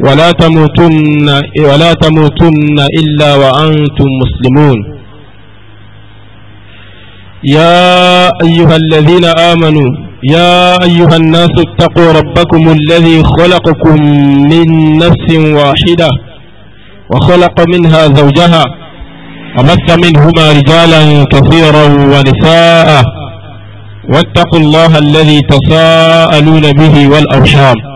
ولا تموتن ولا تموتن إلا وأنتم مسلمون يا أيها الذين آمنوا يا أيها الناس اتقوا ربكم الذي خلقكم من نفس واحدة وخلق منها زوجها ومث منهما رجالا كثيرا ونساء واتقوا الله الذي تساءلون به والأرحام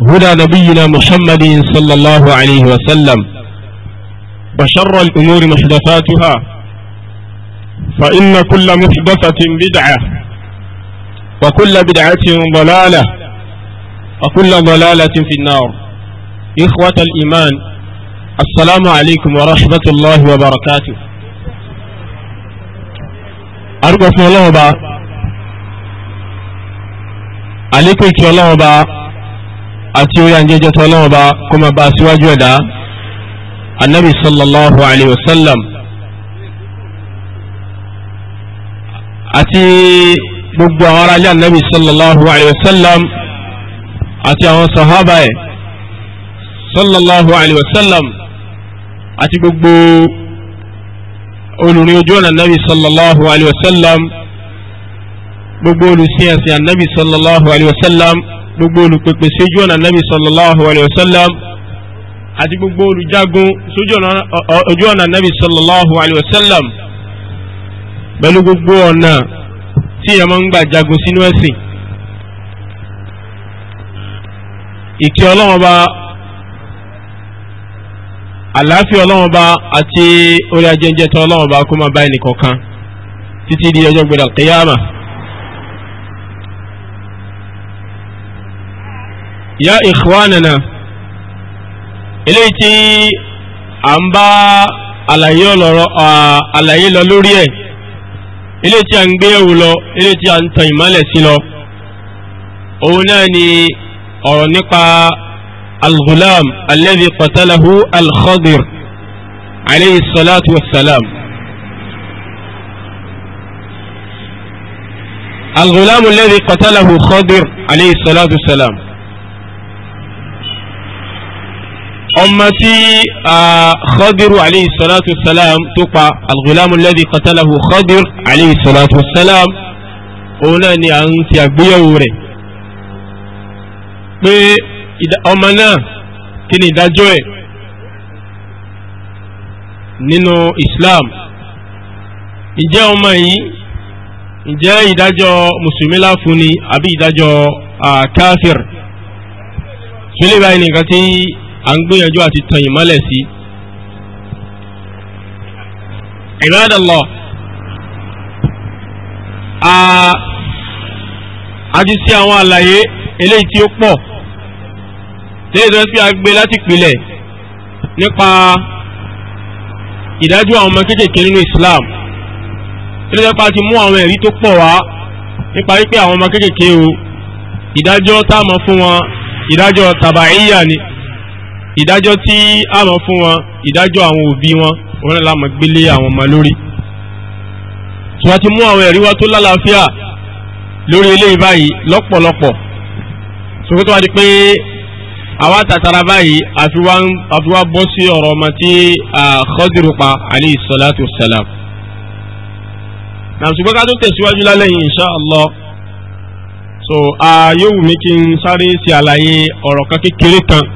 هدى نبينا محمد صلى الله عليه وسلم وشر الأمور محدثاتها فإن كل محدثة بدعة وكل بدعة ضلالة وكل ضلالة في النار إخوة الإيمان السلام عليكم ورحمة الله وبركاته أرجو الله با عليكم الله با àti orí àjẹjẹ tó ọlọ́wọ́ bá kó máa bá a síwájú ẹ̀dá anabi sallallahu alayhi wa sallam àti gbogbo àwọn aráàlú anabi sallallahu alayhi wa sallam àti àwọn sahaba ẹ̀ sallallahu alayhi wa sallam àti gbogbo olùrin ojú ọ̀nà anabi sallallahu alayhi wa sallam gbogbo olùsìn ẹ̀sìn anabi sallallahu alayhi wa sallam gbogbo olùpèpè síjú ọ̀nà nabi sallallahu alayhi wa sallam àti gbogbo olùjagun ojú ọ̀nà nabi sallallahu alayhi wa sallam pẹ̀lú gbogbo ọ̀nà tí èèyàn máa ń gbà jagun sínú ẹ̀sìn. ìkẹ́ ọlọ́wọ́n bá àlàáfíà ọlọ́wọ́n bá àti orí ajẹ́jẹ́ tán ọlọ́wọ́n bá kó máa bá ẹnì kọ̀ọ̀kan títí di ọjọ́ gbẹdà ya ikhwanana eléyìí tí a ń bá àlàyé lọ lórí ẹ̀ eléyìí tí a ń gbé ẹ̀wù lọ eléyìí tí a ń tan ìmọ́lẹ̀ sí lọ òun náà ni ọ̀rọ̀ nípa al-ghulam alladhi qatalahu al-Khadir alayhi salatu wa salam. الغلام الذي قتله خضر عليه الصلاة والسلام ọmọ tí khadiru alayhi salatu salam tó pa al-ghulamu alladhi qatalahu khadir alayhi salatu salam òun náà ni à ń ti àgbéyẹ̀wò rẹ̀ pé ọmọ náà kí ni ìdájọ́ ẹ̀ nínú Islam ìjẹ́ ọmọ yìí ìjẹ́ ìdájọ́ mùsùlùmí láfún ni àbí ìdájọ́ káfíìr sílẹ̀ báyìí nìkan tí à ń gbìyànjú àti tan ìmọ́lẹ̀ sí. Ibadallah àti sí àwọn àlàyé eléyìí tí ó pọ̀ lẹ́yìn tó ń pè àgbẹ̀ láti pilẹ̀ nípa ìdájọ́ àwọn ọmọ kéékèèké nínú Islam ilé ìjọba ti mú àwọn ẹ̀rí tó pọ̀ wá nípa wípé àwọn ọmọ kéékèèké o ìdájọ́ tá a mọ̀ fún wọn ìdájọ́ tàbáyíyà ni ìdájọ́ tí a máa fún wọn ìdájọ́ àwọn òbí wọn òun la máa gbélé àwọn ọmọ lórí tí wọ́n ti mú àwọn ẹ̀rí wá tó lálàáfíà lórí eléyìí báyìí lọ́pọ̀lọpọ̀ sókè tó wá di pé àwa tàtàrà báyìí àfi wá bọ́ sí ọ̀rọ̀ ọmọ tí Khadiru pa alayhi salatu wassalam na ṣùgbọ́n ká tó tẹ̀síwájú lálẹ́ yìí insha Allah so yóò wù mí kí n sáré ṣe àlàyé ọ̀rọ̀ kan kékeré kan.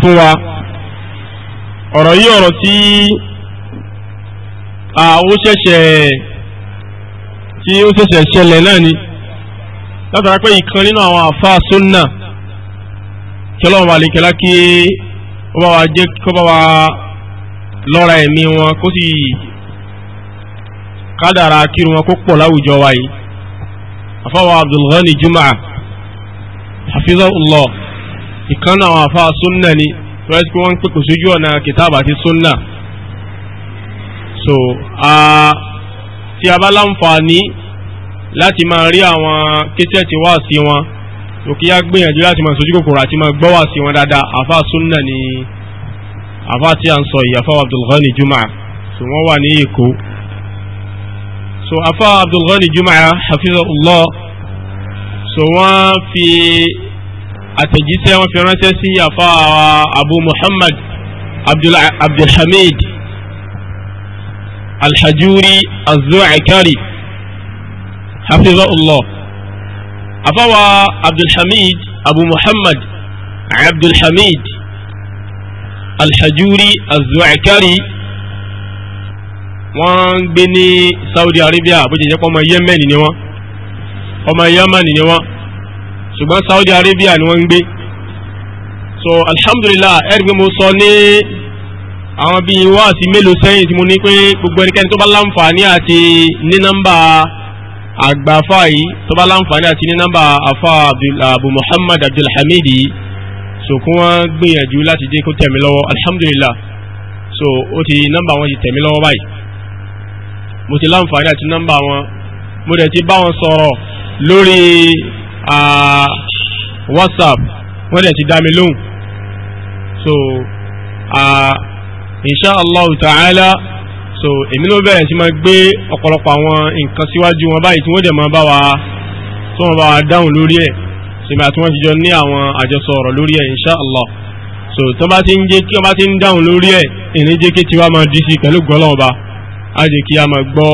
fún wa ọ̀rọ̀ yí ọ̀rọ̀ tí ó ṣẹ̀ṣẹ̀ tí ó ṣẹ̀ṣẹ̀ ṣẹlẹ̀ náà ni látara pé ìkan nínú àwọn àfáà súnnà kẹlọ́wọ́n bá lè kẹlá kí ó bá wa jẹ́ kó bá wa lọ́ra ẹ̀mí wọn kó sì kádàrà kírun wọn kó pọ̀ láwùjọ wa yìí àfáà wa Abdul Ghani Jumaa ìkànnà àwọn àfa sunna ni tọ́lá tí wọ́n ń pèpè sójú ọ̀nà kìtàbà àti sunna so tí a bá láǹfààní láti máa rí àwọn késẹ́ẹ̀tì wá sí wọn tó kí á gbìyànjú láti máa sojú kòkòrò àti máa gbọ́ wá sí wọn dáadáa àfa sunna ni àfa tí a ń sọ yìí àfa Abdulghani Juma so wọ́n wà ní Èkó so àfa Abdulghani Juma hafizahullah so wọ́n fi àtẹ̀jíṣẹ́ wọn fi ránṣẹ́ sí àfa abu muhammad abdulhamid alhajuri azu'akari hafizahullah àfáwa abdulhamid abu muhammad abdulhamid alhajuri azu'akari wọ́n ń gbé ní saudi arabia bó ṣe jẹ́ pé ọmọ yemen ni wọ́n ọmọ yemen ni wọ́n ṣùgbọ́n Saudi Arabia ni wọ́n ń gbé so alhamdulillah ẹ̀rí pé mo sọ ní àwọn bíi wáàsí mélòó sẹ́yìn tí mo ní pé gbogbo ẹnikẹ́ni tó bá láǹfààní àti ní nọ́mbà àgbàfà yìí tó bá láǹfààní àti ní nọ́mbà àfà Abu Muhammad Abdulhamid yìí so kí wọ́n gbìyànjú láti jẹ́ kó tẹ̀mí lọ́wọ́ alhamdulillah so ó ti nọ́mbà wọn ti tẹ̀mí lọ́wọ́ báyìí mo ti láǹfààní àti nọ́mbà wọn mo dẹ̀ ti bá wọn sọ̀rọ̀ lórí whatsapp wọ́n dẹ̀ ti dá mi lóhùn so insha allah ta'ala so èmi ló bẹ̀rẹ̀ sí máa gbé ọ̀pọ̀lọpọ̀ àwọn nǹkan síwájú wọn báyìí tí wọ́n dẹ̀ máa bá wa tí wọ́n bá wa dáhùn lórí ẹ̀ sèmi àti wọ́n ti jọ ní àwọn àjọsọ ọ̀rọ̀ lórí ẹ̀ insha so tó bá ti ń jẹ́ kí ọba ti ń dáhùn lórí ẹ̀ ìrìn jẹ́ kí tiwa máa dí sí pẹ̀lú gbọ́lọ́ọ̀ba á jẹ́ kí a máa gbọ́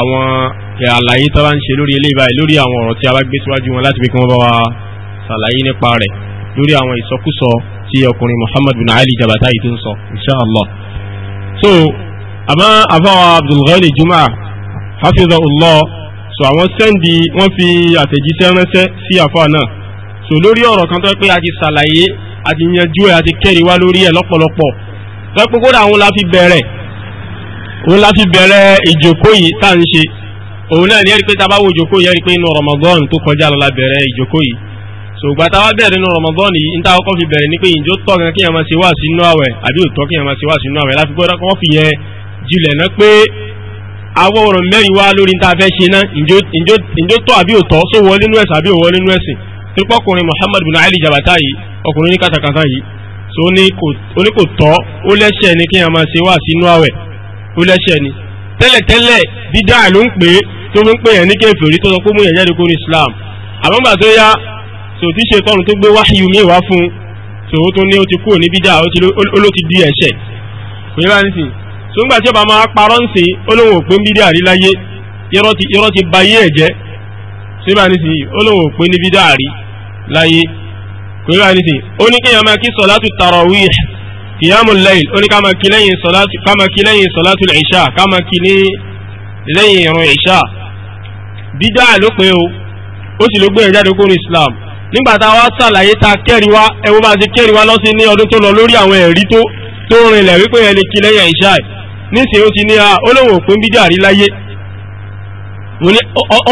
àwọn àlàyé tó bá ń ṣe lórí eléyìí báyìí lórí àwọn ọ̀rọ̀ tí a bá gbé síwájú wọn láti fi kí wọ́n bá wa ṣàlàyé nípa rẹ̀ lórí àwọn ìsọkúsọ tí ọkùnrin Muhammad bin Ali Jabata yìí tó ń sọ inshallah so àmọ́ àfáwà Abdulghani Juma hafizahullah so àwọn sẹ́ndì wọ́n fi àtẹ̀jíṣẹ́ ránṣẹ́ sí àfáà náà so lórí ọ̀rọ̀ kan tó pé a ti ṣàlàyé a ti yanjú ẹ̀ a ti kẹ́rì wá lórí ẹ̀ lọ́pọ̀lọpọ̀ tó pé kódà òun la fi bẹ̀rẹ̀ òun la fi bẹ̀rẹ̀ ìjòkó yìí tá à ń ṣe òun náà ní ẹ̀rí pé tá a bá wo ìjókòó yẹn rí pé inú Ramadan tó kọjá lọ la bẹ̀rẹ̀ ìjókòó yìí so tá a bá bẹ̀rẹ̀ inú Ramadan yìí níta kọ́kọ́ fi bẹ̀rẹ̀ ní pé ìjọ tọ́ kan kí yẹn máa ṣe wá sínú àwẹ̀ àbí òtọ́ kí yẹn máa ṣe wá sínú àwẹ̀ láti gbọ́dọ̀ kọ́ fi yẹn jilẹ̀ náà pé awọ́ ọ̀rọ̀ mẹ́rin wá lórí níta fẹ́ ṣe náà ìjọ tọ́ Muhammad bin Ali Jabata yìí ọkùnrin ní kàtàkàtà yìí tó ní kò tọ́ ó lẹ́ṣẹ̀ ni kí yẹn máa ṣe wá sínú àwẹ̀ ó lẹ́ṣẹ̀ ni tẹ́lẹ̀tẹ́lẹ̀ dídá ló ń pè é tó fi ń pè yẹn ní kèfèrí tó sọ pé mú yẹn jáde kúrò Islam àmọ́ gbà tó yá tò tí ṣe tọ́run tó gbé wáhíù mi wá fún tò ó tó ní ó ti kúrò ní bídá ó ti di ẹ̀ṣẹ̀ kò yẹ láti sìn tó ń gbà tí ọba máa parọ́ ń sìn olóhùn òpin bídá rí láyé irọ́ ti ba yé ẹ̀jẹ̀ tó yẹ láti sìn olóhùn òpin ní rí láyé kò yẹ láti ní kéèyàn máa kí sọ̀látù tarawih kìyàmù lẹ́yìn ó ní ká máa kí lẹ́yìn sọ̀látù ìṣà ká máa kí ní lẹ́yìn ìrun ìṣà dídá àlópin o ó sì ló gbé ìjáde kúrò Islam nígbà tá a wá sàlàyé ta kẹ́rin wá ẹwọ́ bá ti kẹ́rin wá lọ́sí ní ọdún tó lọ lórí àwọn ẹ̀rí tó tó rinlẹ̀ wípé ẹni kí lẹ́yìn ìṣà níṣẹ́ ó ti ní a ah, olóhùn òpin dídá rí láyé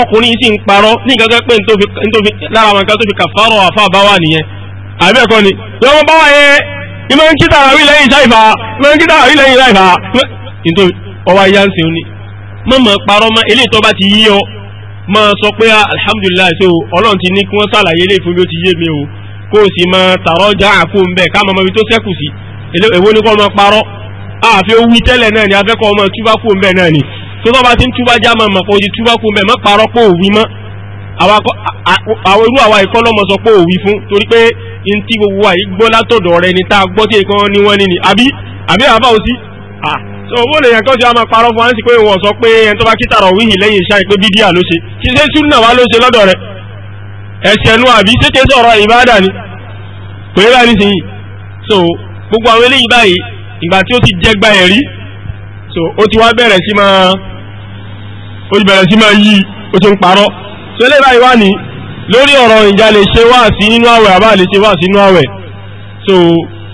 ọkùnrin yìí sì ń parọ́ ní nǹkan kan pé lára àwọn nǹkan tó fi kàfárọ̀ àfáà bá nìyẹn àbẹ́ẹ̀kọ́ ni wọ́n bá yẹn ìmọ̀ ń kíta àrí lẹ́yìn ṣáìfà ìmọ̀ ń kíta àrí lẹ́yìn láìfà nítorí ọwọ́ ayé ń sìn ní mọ̀ mọ̀ parọ́ mọ́ eléyìí tó bá ti yí ọ mọ̀ sọ pé alhamdulillah so ọlọ́run ti ní kí wọ́n ṣàlàyé eléyìí fún bí ó ti yé mi o kó o sì mọ tààrọ́ já àkó ń bẹ̀ káàmọ́ ibi tó sẹ́kù sí èwo ni kọ́ ọmọ parọ́ àfi ó wí tẹ́lẹ̀ náà ni afẹ́kọ̀ọ́ ọmọ túbá kó ń bẹ̀ náà ni tó tọ́ bá ti ń túbá já mọ̀ mọ̀ kó o ti túbá kó mọ́ mọ́ àwọn irú àwa ìkọ́ lọ́mọ sọ pé òwí fún torí pé n tí gbogbo wa yìí gbọ́ látọ̀dọ̀ rẹ ni tá a gbọ́ tí nǹkan ni wọ́n ní àbí àbí àbá òsì so owó lè yẹn kọ́ sí a máa parọ́ fún wa ń sì pé wọ́n sọ pé ẹni tó bá kí tààrọ̀ wíhìn lẹ́yìn iṣẹ́ ìpé bídíà ló ṣe kí ṣe súnà wá ló ṣe lọ́dọ̀ rẹ ẹ̀ṣẹ̀ nu àbí ṣé sọ̀rọ̀ ìbáàdà ni kò yẹ báyìí nísìnyí so gbogbo àwọn eléyìí báyìí ìgbà tí ó ti jẹ́ gba ẹ̀rí so ó ti wá bẹ̀rẹ̀ sí máa ó ti bẹ̀rẹ̀ sí máa yí ó ti ń parọ́ so lè báyìí wá ní lórí ọ̀rọ̀ ìjà lè ṣe wá sí nínú àwẹ̀ àbá lè ṣe wá sí nínú àwẹ̀ so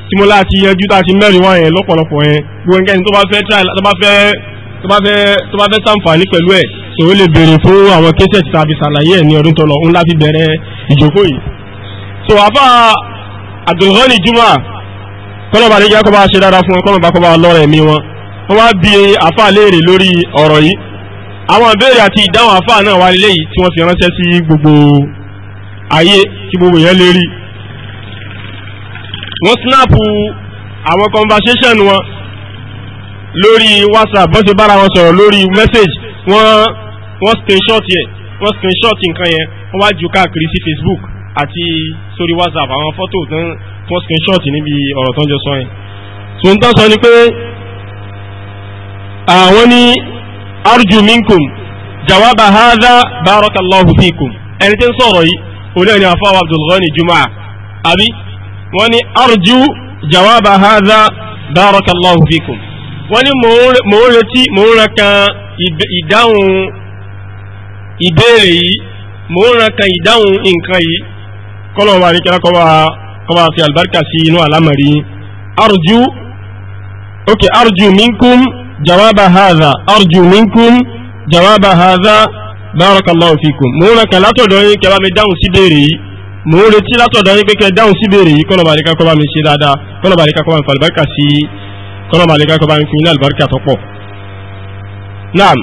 tí mo láti yanjú tá a ti mẹ́rin wá yẹn lọ́pọ̀lọpọ̀ yẹn gbogbo nǹkan tó bá fẹ́ tó bá fẹ́ tó bá fẹ́ tó bá fẹ́ sàǹfààní pẹ̀lú ẹ̀ so ó lè béèrè fún àwọn kéṣẹ̀ tí tàbí ṣàlàyé ẹ̀ ní ọdún tọ́lọ ń láti bẹ̀rẹ̀ ìjókòó yìí so àfa Abdulghani Juma kọ́nà bá lè jẹ́ kó bá ṣe dára fún wọn kọ́nà bá kó bá lọ́rẹ̀ mi wọn wọ́n wá bi àfa léèrè lórí ọ̀rọ̀ yìí àwọn ìbéèrè àti ìdáhùn àfáà náà wà léyìí tí wọ́n fi ránṣẹ́ sí gbogbo ayé tí gbogbo yẹn lè rí wọ́n snapu àwọn conversation wọn lórí whatsapp bọ́n ṣe bára wọn sọ̀rọ̀ lórí message wọ́n wọ́n screenshot yẹ wọ́n screenshot nǹkan yẹn wọ́n wá jù káàkiri sí facebook àti sórí whatsapp àwọn fọ́tò tó ń wọ́n screenshot níbi ọ̀rọ̀ tó ń jọ sọ yẹn. tòun tán sọ ni pé àwọn ní arju minkum jawaba hadha barakallahu fikum ẹni tí ń sọ̀rọ̀ yìí olóyè ni àfọwọ́ Abdul Ghani Jumaa àbí wọ́n ní arju jawaba hadha barakallahu fikum wọ́n ní mò ń retí mò ń rankan ìdáhùn ìbéèrè yìí mò ń rankan ìdáhùn nǹkan yìí kọ́lọ̀ wa ní kíra kọ́ba àti àlùbáríkà sí inú àlámọ̀rí arju ok arju minkum جواب هذا أرجو منكم جواب هذا بارك الله فيكم مولا كلا تدعي كما مدعو سيدري مولا تلا تدعي كما مدعو سيدري كما مالك كما مشي دادا كما مالك كما فالبركة سي كما كوبا كما مفين البركة تقو نعم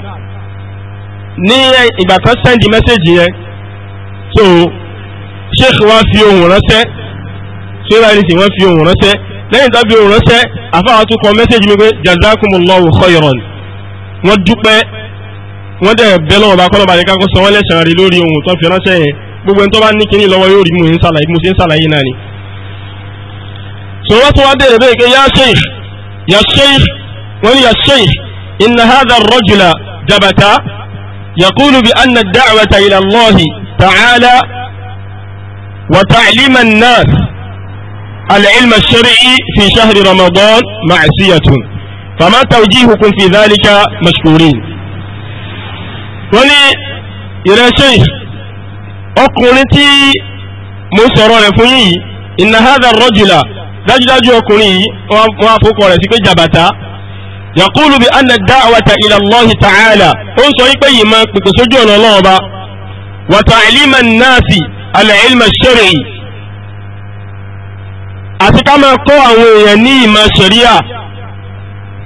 ní ìgbà kan sẹ́ndì mẹ́sẹ̀jì yẹn شيخ sheikh wa fi ohun ránṣẹ́ sheikh lẹ́yìn tàbí òun ránṣẹ́ àfáà tún kọ mẹ́sẹ̀jì mi pé jazakumullahu khayran wọ́n dúpẹ́ wọ́n dẹ̀ bẹ́ lọ́wọ́ bá kọ́lọ́ba ní kákó sanwó lẹ́sàn-án rí lórí ohun tó fi ránṣẹ́ yẹn gbogbo ẹni tó bá ní kíní lọ́wọ́ yóò rí mu ṣe ń sàlàyé náà ni. sọ̀rọ̀ tó wá bẹ̀rẹ̀ bẹ́ẹ̀ pé yá sheikh yá wọ́n ní العلم الشرعي في شهر رمضان معصية فما توجيهكم في ذلك مشكورين وني إلى شيخ أقولتي مصرون فيه إن هذا الرجل dájúdájú ọkùnrin yìí wọ́n àfókọ rẹ̀ sí pé jàbàtà yàkúlù bí anna dáwàtà ila Allahi ta'ala ó ń sọ wípé yìí máa pèpè sójú ọ̀nà ọlọ́ọ̀ba wàtà ìlímà náàsì alẹ́ ìlmà ṣẹ́rẹ̀ yìí àti ká máa kọ́ àwọn èèyàn ní ìmọ̀ ṣẹ̀ríà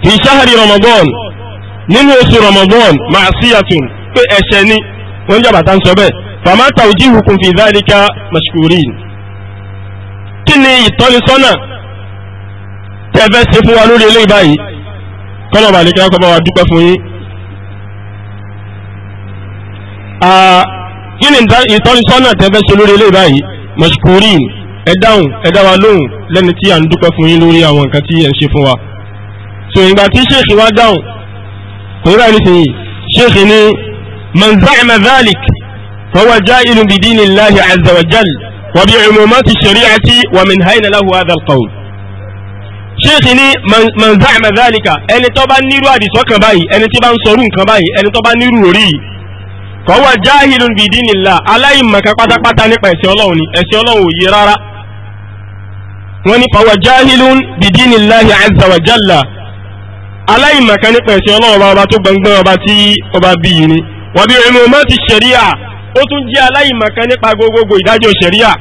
fi ṣáhàrí Ramadan nínú oṣù Ramadan máa síyàtùn pé ẹ̀ṣẹ̀ ni wọ́n ń jàbàtà ń sọ bẹ́ẹ̀ fàmá tàwùjí hukum fi dhalika mashkurin kí ni ìtọ́nisọ́nà tẹ́fẹ́ ṣe fún wa lórí eléyìí báyìí kọ́nà bàlẹ́ kí wọ́n dúpẹ́ fún yín. kí ni ìtọ́nisọ́nà tẹ́fẹ́ ṣe lórí eléyìí báyìí mashkurin ẹ dáhùn ẹ dá wa lóhùn lẹ́ni tí à ń dúpẹ́ fún yín lórí àwọn nǹkan tí ẹ ń ṣe fún wa so ìgbà tí ṣéèkì wa dáhùn kò ní báyìí nísìnyí ṣéèkì ní man za'ama dhalik fahuwa ja'ilun bi dinillahi azza wa jal wa bi umumati shari'ati wa min hayna lahu hadha alqawl ṣéèkì ní man za'ama dhalika ẹni tó bá nírú àdìsọ́kàn báyìí ẹni tí bá ń sọrú nǹkan báyìí ẹni tó bá nírú òrí kọ́wọ́ jahilun bìdínìlá aláìmọ̀ká pátápátá nípa ẹ̀sìn ọlọ́run ni ẹ̀sìn ọlọ́run ò yé rárá wọ́n ní pàwọ̀ jahilun bìdínì láhì azza wa jalla aláìmọ̀ká nípa ẹ̀sìn ọlọ́run ọba ọba tó gbọ̀ngbọ̀n ọba tí ọba bí yìí ni wọ́n bí ẹnu ọmọ ti ṣẹ̀ríà ó tún jẹ́ aláìmọ̀ká nípa gbogbogbò ìdájọ́ ṣẹ̀ríà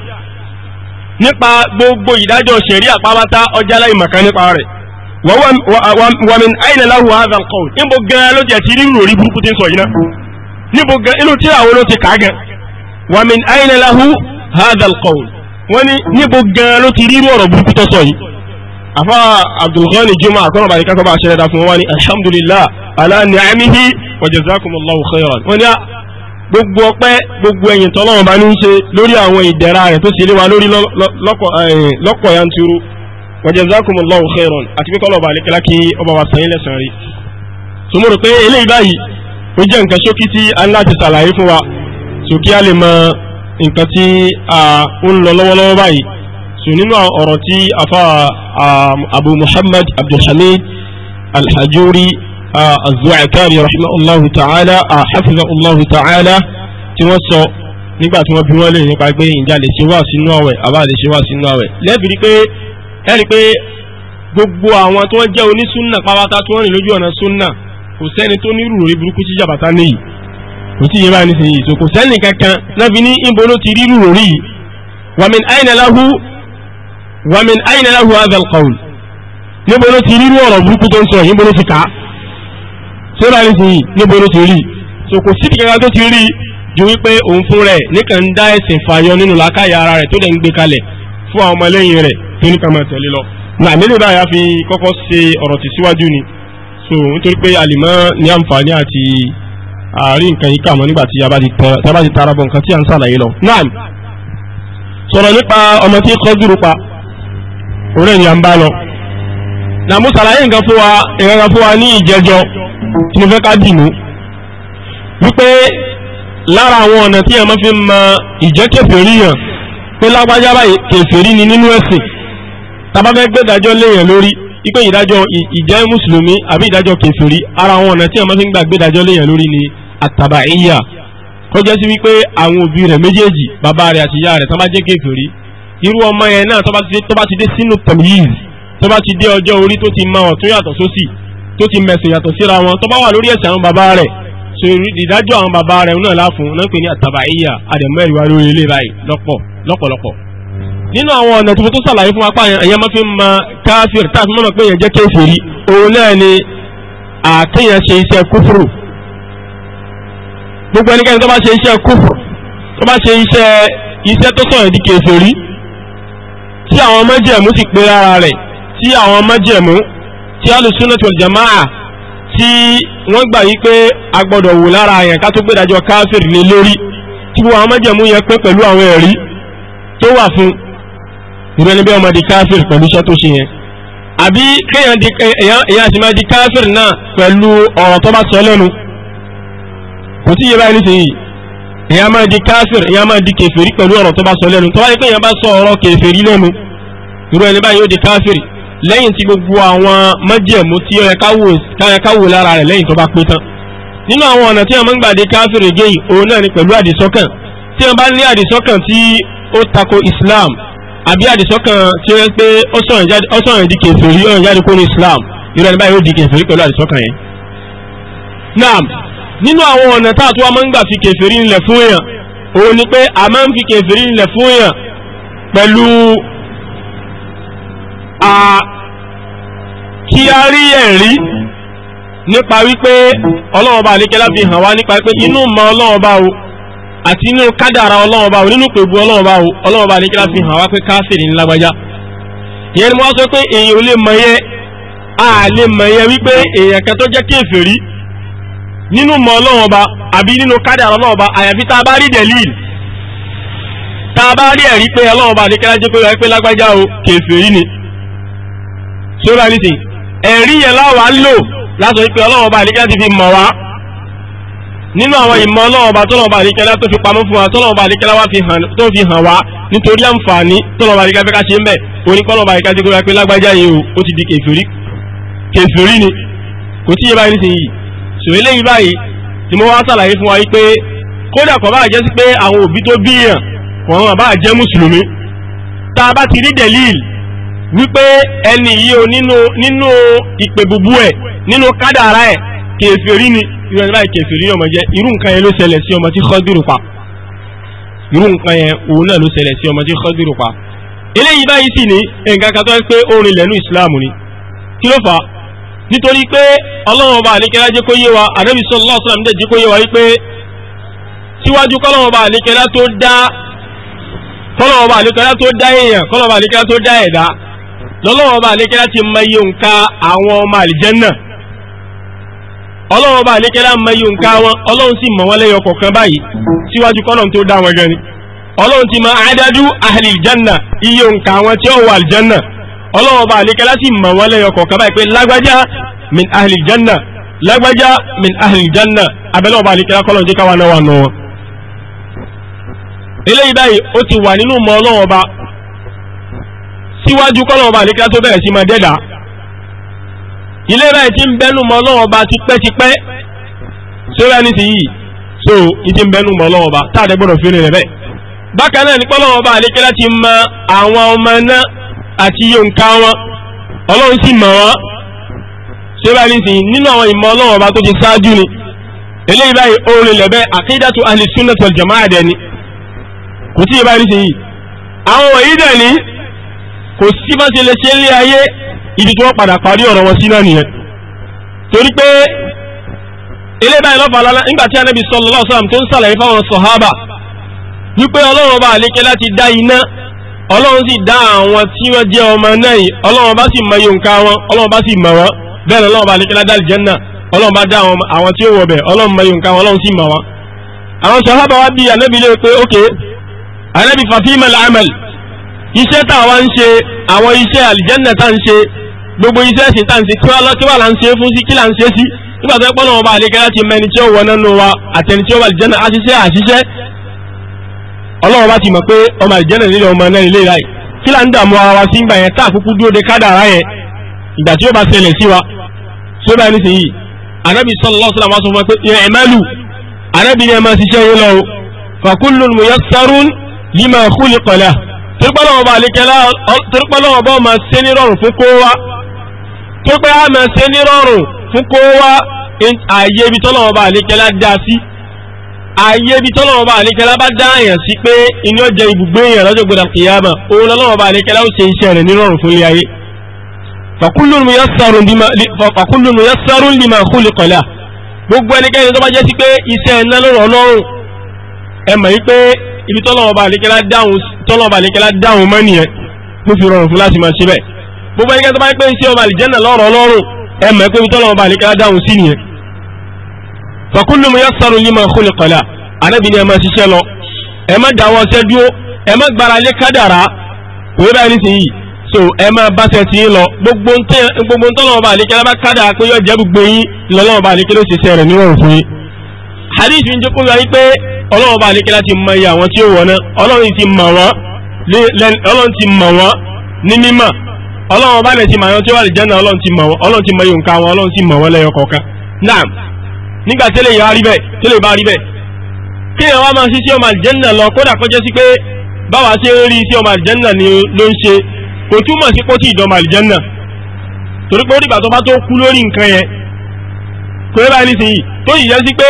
nípa gbogbo ìdájọ́ ṣẹ̀ríà pátá ọjà aláìmọ̀ká nípa rẹ̀ wàmín àyìnlá láhùn azal kọ́ níbo gan wọ́n ní níbo gan ló ti rírú ọ̀rọ̀ burúkú tó sọ yìí afa abdulghani juma akọrọ bàyí kakọ bá aṣẹlẹ dáfún wa ni alhamdulillah ala ni'amihi wa jazakumullahu khairan wọ́n ní ah, gbogbo ọpẹ́ gbogbo ẹ̀yìn tọ́lọ́run bá ní ń ṣe lórí àwọn ìdẹ̀ra rẹ̀ tó ṣe lé wa lórí eh, lọ́pọ̀ yanturu wa jazakumullahu khairan àti pípọ́ lọ́ba àlékelá kí ọba wa sàn ilẹ̀ sàn rí. tó mo rò pé eléyìí báyìí ó jẹ́ nǹkan ṣókí tí a ń láti ṣàlàyé wa sókí a lè nǹkan tí ó ń lọ lọ́wọ́lọ́wọ́ báyìí so nínú ọ̀rọ̀ tí afa abu muhammad abdulhamid alhajuri azuakari rahimahullahu ta'ala ahafizahullahu ta'ala tí wọ́n sọ nígbà tí wọ́n bí wọ́n lè nípa pé ìjà lè ṣe wá sínú àwẹ̀ àbá lè ṣe wá sínú àwẹ̀ lẹ́bìí pé ẹ̀rí pé gbogbo àwọn tó jẹ́ onísúnnà pàwátá tó rìn lójú ọ̀nà súnnà kò sẹ́ni tó nírú rí burúkú jíjà bàtà níyì kò tí yé bá ní sèyí so kò sẹ́ni kankan náà fi ní ìbò ló ti rírù rò rí wàmín àyìnàláhu wàmín àyìnàláhu azal qawl níbo ló ti rírù ọ̀rọ̀ burúkú tó ń sọ yìí níbo ló ti kà á tí ó bá ní sèyí níbo ló ti rí so kò síbi kankan tó ti rí ju wípé òun fún rẹ̀ nìkan dá ẹ̀sìn fàyọ nínú làákàyà ara rẹ̀ tó dẹ̀ ń gbé kalẹ̀ fún àwọn ọmọlẹ́yìn rẹ̀ tó ní kàmá tẹ̀lé lọ náà nílé báyà fi kọ́kọ́ ṣe ọ̀rọ̀ tẹ̀síwájú ni so nítorí pé àlìmọ́ ní àǹfààní àti àárí nǹkan yìí kàmọ́ nígbà tí a bá ti tara bọ̀ nǹkan tí a ń sàlàyé lọ. naam sọ̀rọ̀ nípa ọmọ tí kọ́dúrú pa òun ni à ń bá lọ. nàmú sàlàyé nǹkan fún wa nǹkan kan fún wa ní ìjẹjọ tí mo fẹ́ ká dìmú wípé lára àwọn ọ̀nà tí a máa fi mọ ìjẹ́ kèfèrí yàn pé lágbájá báyìí kèfèrí ni nínú ẹ̀sìn tàbá fẹ́ gbé ìdájọ́ léèyàn lórí ipe ìdájọ́ ìjẹ́ mùsùlùmí àbí ìdájọ́ kèfèrí ara àwọn ọ̀nà tí a máa fi ń gbà gbé léèyàn lórí ni àtàbàíyà kọjá sí wípé àwọn òbí rẹ̀ méjèèjì bàbá rẹ̀ àti ìyá rẹ̀ tó bá jẹ́ kékeré irú ọmọ yẹn náà tó bá ti dé sínú tọ̀míyìí tó bá ti dé ọjọ́ orí tó ti máa ọ̀tún yàtọ̀ sósì tó ti mẹ̀sìn yàtọ̀ síra wọn tó bá wà lórí ẹ̀sìn àwọn bàbá rẹ̀ so ìdájọ́ àwọn bàbá rẹ̀ náà láfún náà pè ní àtàbàíyà àdẹ̀mọ́ ìwà lórí ilé báyìí lọ́pọ̀lọpọ̀ nínú àwọn ọ̀nà tuntun tó sàlàyé fún apá ẹ̀yẹ́ máa fi ma káfíìr táàfin mọ́nà pé yẹn jẹ́ kéfèrí òun náà ni àkéyàn ṣe iṣẹ́ kúfùrù gbogbo ẹnikẹ́ni tó bá ṣe iṣẹ́ kúfù tó bá ṣe iṣẹ́ iṣẹ́ tó sọ̀rọ̀ di kèfèrí tí àwọn májẹ̀mú ti pé lára rẹ̀ tí àwọn májẹ̀mú tí alùsùnnà wal jàmáà tí wọ́n gbà yí pé a gbọ́dọ̀ wò lára àyàn ká tó gbẹ́dájọ́ káfíìrì lé lórí tí gbogbo àwọn májẹ̀mú yẹn pé pẹ̀lú àwọn ẹ̀rí tó wà fún ìrẹ́ níbẹ̀ ọmọ di káfíìrì pẹ̀lú kò sí iye báyìí nísìnyí èèyàn máa di káfíìr èèyàn máa di kèfèrí pẹ̀lú ọ̀rọ̀ tó bá sọ lẹ́nu tó bá yẹ pé èèyàn bá sọ ọ̀rọ̀ kèfèrí lẹ́nu irú ẹni báyìí ó di káfíìr lẹ́yìn tí gbogbo àwọn májẹ̀mú tí ó yẹ ká wò lára rẹ̀ lẹ́yìn tó bá pé tán nínú àwọn ọ̀nà tí a máa ń gbà di káfíìr géyì òun náà ni pẹ̀lú àdìsọ́kàn tí a bá ní àdìsọ́kàn tí ó tako Islam àbí àdìsọ́kàn tí ó yẹ pé ó sọ̀rọ̀ di kèfèrí ó yàn jáde kó ní Islam irú ẹni báyìí ó di kèfèrí pẹ̀lú àdìsọ́kàn yẹn. naam nínú àwọn ọ̀nà tá a tó wá máa ń gbà fi kèfèrí ńlẹ̀ fún èèyàn òun ni pé a máa ń fi kèfèrí ńlẹ̀ fún èèyàn pẹ̀lú a kí a rí ẹ̀rí nípa wípé ọlọ́run bá àlékẹ́lá fi hàn wá nípa pé inú mọ ọlọ́run bá o àti inú kádàrà ọlọ́run bá o nínú pèbú ọlọ́run bá o ọlọ́run bá àlékẹ́lá fi hàn wá pé káfíìrì ní lágbájá ìyẹn ni mo wá sọ pé èèyàn ò lè mọ̀ yẹ a lè mọ̀ yẹ wípé èèyàn kan tó jẹ́ kèfèrí nínú mọ̀ ọlọ́run ọba àbí nínú kádàrá ọlọ́run ọba àyàfi tá a bá rí dẹ̀líìl tá a bá rí ẹ̀rí pé ọlọ́run ọba àdékẹ́lá jẹ́ pé wáyé pé lágbájá o kèfèrí ni sórí àníṣe ẹ̀rí yẹn láwa lò lásọ pé ọlọ́run ọba àdékẹ́lá ti fi mọ̀ wá nínú àwọn ìmọ̀ ọlọ́run ọba tọ́lọ́run ọba àdékẹ́lá tó fi pamọ́ fún wa tọ́lọ́run ọba àdékẹ́lá wá tó fi hàn wá nítorí àǹfààní tọ́lọ́run ọba àdékẹ́lá fẹ́ ká ṣe ń bẹ̀ onípọ́lọ́run ọba àdékẹ́lá ti pé ni kò sò eléyìí báyìí tí mo wá sàlàyé fún wa yí pé kódà kò bá jẹ́ sí pé àwọn òbí tó bí yàn wọn bá jẹ́ mùsùlùmí tá a bá ti rí dẹ̀líl wípé ẹni yìí o nínú ìpè bùbú ẹ̀ nínú kádàrá ẹ̀ kèfèrí ni irú ẹni báyìí kèfèrí ọmọ jẹ́ irú nǹkan yẹn ló ṣẹlẹ̀ sí ọmọ tí Khadiru pa irú nǹkan yẹn òun náà ló ṣẹlẹ̀ sí ọmọ tí Khadiru pa eléyìí báyìí sì ní nǹkan kan tó ń pé orin lẹ́nu ìsìláàmù ni kí ló fà á nítorí pé ọlọ́run ọba àlékẹ́lá jẹ́ kó yé wa ànábì sallallahu alaihi wasallam jẹ́ kó yé wa wípé síwájú kọ́lọ́run ọba àlékẹ́lá tó dá kọ́lọ́run ọba tó dá èèyàn kọ́lọ́run ọba tó dá ẹ̀dá lọ́lọ́run ọba ti mọ iye nǹka àwọn ọmọ àlìjẹ́nà ọlọ́run ọba àlékẹ́lá mọ iye nǹka wọn ọlọ́run sì mọ̀ wọ́n lẹ́yọ kọ̀ọ̀kan báyìí síwájú kọ́lọ́run tó dá wọn gan ni ọlọ́run ti mọ ọlọ́wọ́ bá àlékẹ́ láti mọ̀ wọ́n lẹ́yọ kọ̀ọ̀kan báyìí pé lágbájá min ahli janna lágbájá min ahli janna abẹ́lẹ́wọ̀ bá àlékẹ́ lákọ́lọ́ jẹ́ káwa náà wà nù wọn. eléyìí báyìí ó ti wà nínú mọ ọlọ́wọ́ bá síwájú kọ́lọ́wọ́ bá àlékẹ́ tó bẹ̀rẹ̀ sí máa dẹ́dà ilé báyìí ti ń bẹ́nu mọ ọlọ́wọ́ bá tipẹ́tipẹ́ sórí ẹni ti yìí so ìdí ń bẹ́nu mọ ọlọ́wọ́ bá táàdẹ́gbọ́dọ̀ bákan náà ní kọ́lọ́wọ́ bá àlékẹ́ láti mọ àwọn ọmọ náà àti yonka wọn ọlọ́run sì mọ̀ wọ́n ṣé báyìí nísìnyí nínú àwọn ìmọ̀ ọlọ́run ọba tó ti ṣáájú ni eléyìí báyìí orin lẹ̀bẹ́ àkídàtú ahli sunnah wal jama'a dẹ̀ ni kò sí ìbáyìí nísìnyí àwọn wọ̀nyí dẹ̀ ni kò sí bá ṣe lè ṣe lé ayé ibi tí wọ́n padà parí ọ̀rọ̀ wọn sí náà nìyẹn torí pé eléyìí báyìí lọ́fà lálá nígbà tí anábì sallallahu alaihi wasallam dá iná ọlọ́run sì dá àwọn tí wọ́n jẹ́ ọmọ náà yìí ọlọ́run bá sì mọ yonka wọn ọlọ́run bá sì mọ wọn bẹ́ẹ̀ lọ́wọ́ bá lékelá dá àlìjẹ́nà ọlọ́run bá dá àwọn tí ó wọ̀ bẹ̀ ọlọ́run mọ yonka wọn ọlọ́run sì mọ wọn. àwọn sàhábà wa bí anábì lè pé ok anábì fàfíìmọ̀ làmẹ́l iṣẹ́ tá a wá ń ṣe àwọn iṣẹ́ àlìjẹ́nà tá a ń ṣe gbogbo iṣẹ́ ẹ̀sìn tá a ń ṣe kí wàá là ń ṣe fún sí kí là ń ṣe sí nígbà tó ń pọ́n náà wọn bá lékelá ti mẹ́ni tí ó wọ nánú wa àtẹni tí ó wà àlìjẹ́nà àṣiṣẹ́ àṣiṣẹ́ ọlọ́run bá ti mọ̀ pé ọmọ àlìjẹ́nà nílé ọmọ náà nílé ìráyè kí là ń dààmú ara wa sí ìgbà yẹn tá àkúkú dúró de kádàrá yẹn ìgbà tí ó bá ṣẹlẹ̀ sí wa tí ó bá ní sìn yìí anábì sallallahu alaihi wasallam pé ìrìn ẹ̀mẹ́lù anábì ni ẹ máa ṣiṣẹ́ yín lọ o fa kullun ní máa ṣe ní rọrùn fún bá àlékẹ́lá ayé bí tọ́lọ́wọ́ bá àlékẹ́lá bá dá àyàn sí pé iná jẹ ibùgbé èèyàn lọ́jọ́ gbọdọ̀ kìyàmà òun lọ́lọ́wọ́ bá àlékẹ́lá ó ṣe iṣẹ́ rẹ̀ nírọ̀rùn fún ilé ayé fakullun muyassarun lima khuliqa lah gbogbo ẹnikẹ́ni tó bá jẹ́ sí pé iṣẹ́ iná lọ́rọ̀ ọlọ́run ẹ mọ̀ wípé ibi tọ́lọ́wọ́ bá àlékẹ́lá dáhùn mọ́ nìyẹn tó fi rọrùn fún láti máa ṣe bẹ́ẹ̀ gbogbo ẹnikẹ́ni tó bá jẹ́ pé iṣẹ́ ọmọ àlìjẹ́nà lọ́rọ̀ ọlọ́run ẹ mọ̀ wípé ibi tọ́lọ́wọ́ bá àlékẹ́lá dáhùn sí nìyẹn fakullu muyassaru lima khuliqa la anabi ni ẹ máa ṣiṣẹ́ lọ ẹ má dáwọ́ ṣẹ́ dúró ẹ má gbára lé kádàrá òwe báyìí nísìnyí so ẹ máa báṣẹ sí yín lọ gbogbo ntẹ gbogbo ntọ́lọ́wọ́ bá àlékẹ́ lábá kádàrá pé yóò jẹ́ gbogbo yín lọ́lọ́wọ́ bá àlékẹ́ ló ṣe ṣẹ́ rẹ̀ níwọ̀n fún yín hadith ń jókòó yọ wípé ọlọ́wọ́ bá àlékẹ́ láti mọ iye àwọn tí ó wọ̀ náà ọlọ́run ti mọ̀ wọ́n ọlọ́run ti mọ̀ wọ́n ní mímọ̀ ọlọ́run bá lè ti mọ̀ àwọn tí ó wà lè jẹ́ ti mọ̀ wọ́n ọlọ́run ti mọ̀ iye nǹkan àwọn ọlọ́run ti mọ̀ wọ́n lẹ́yọ kọ̀ọ̀kan náà nígbà tẹ́lẹ̀ yà rí bẹ́ẹ̀ tẹ́lẹ̀ bá rí bẹ́ẹ̀ kí ẹ̀ wá máa sí sí ọmọ àlìjẹ́nà lọ kódà kọjá sí pé báwa ṣe ń rí sí ọmọ àlìjẹ́nà ni ló ń ṣe kò túmọ̀ sí pé ó ti ìdánmọ̀ àlìjẹ́nà torí pé ó dìgbà tó bá tó kú lórí nǹkan yẹn kò ní báyìí nísìnyí tó yìí jẹ́ sí pé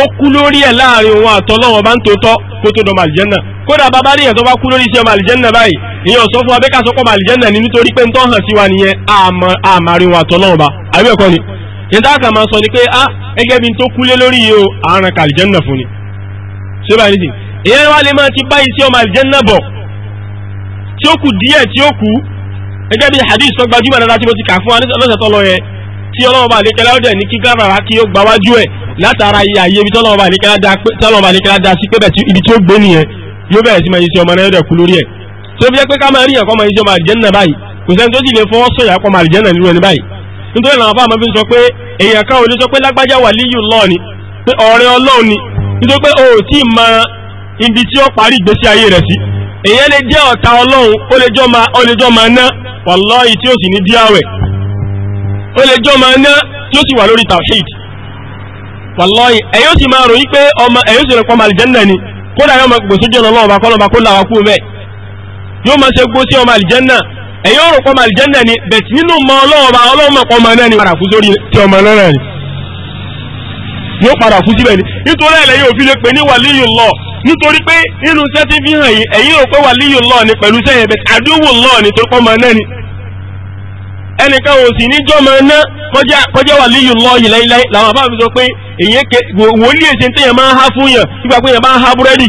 ó kú lórí ẹ̀ láàrin òun àtọ́lọ́wọ́n bá ń tòótọ́ kó tó dánmọ̀ àlìjẹ́nà kódà bàbá rí ẹ̀ bá kú lórí sí ọmọ àlìjẹ́nà báyìí ìyẹn ọ̀sọ́ fún abẹ́kà sọ́kọ̀ ọmọ àlìjẹ́nà ni nítorí pé ń tọ́ hàn sí wa nìyẹn àmàrin òun àtọ́lọ́wọ́n bá àbí ẹ̀kọ́ ni níta kà máa sọ ni pé ah ẹgẹ́ bí n tó kúlé lórí yìí o àrùn kàlìjẹ́nà fún ni ṣé báyìí nìyí ìyẹn wá lè máa ti bá iṣẹ́ ọmọ àlìjẹ́nà bọ̀ tí ó kù díẹ̀ tí ó kù ẹgẹ́ bí hadith tó gbajúmọ̀ dáadáa tí mo ti kà fún wa lọ́sẹ̀ tó lọ yẹn tí ọlọ́wọ́ bá lékelá ó dẹ̀ ní kí gáfàrà kí ó gbáwájú ẹ̀ látara iye àyè ibi tọ́lọ́wọ́ bá lékelá da sí pé bẹ̀ ibi tí ó gbé nìyẹn yóò bẹ̀rẹ̀ sí máa yí sí ọmọ náà yóò dẹ̀ kú lórí ẹ̀ tó fi jẹ́ pé ká máa rí ẹ̀kọ́ máa yí sí ọmọ àlìjẹ́nà báyìí kò sẹ́ni tó sì lè fọwọ́ sọ̀yà nítorí na afáàmọ́ fi ń sọ pé èèyàn kan ò lè sọ pé lágbájá wà líyù lọ́ọ̀ ni pé ọ̀rẹ́ ọlọ́run ni nítorí pé o ò tí ì mọ ibi tí ó parí ìgbésí ayé rẹ̀ sí èèyàn lè jẹ́ ọ̀tá ọlọ́run ó lè jọ́ máa tí ó sì ní díàwẹ̀ ó lè jọ́ máa ná tí ó sì wà lórí ẹ̀yìn ó sì máa ròyìn pé ọmọ ẹ̀yìn ni kódà yóò máa kó yóò máa ṣe gbó ẹ̀yọ́ rò pọ́mọ àlìjẹ́ndẹ̀ ni bẹ̀tì nínú mọ ọlọ́ọ̀bá ọlọ́mọ pọ́mọ náà ni padà fún sórí tí ọmọ náà ni yóò padà fún síbẹ̀ ni nítorí ẹ̀lẹ́ yóò fi lè pè ní waliyullah nítorí pé nínú iṣẹ́ fi hàn yìí ẹ̀yìn rò pé waliyullah ni pẹ̀lú iṣẹ́ yẹn bẹ̀tì lọ ni tó pọ́mọ náà ni ẹnìkan ò sì ní jọ́mọ ná kọjá waliyullah yìí ya làwọn àbá mi sọ pé èyí wòlíì máa ń há fún yàn nígbà pé yàn máa ń há búrẹ́dì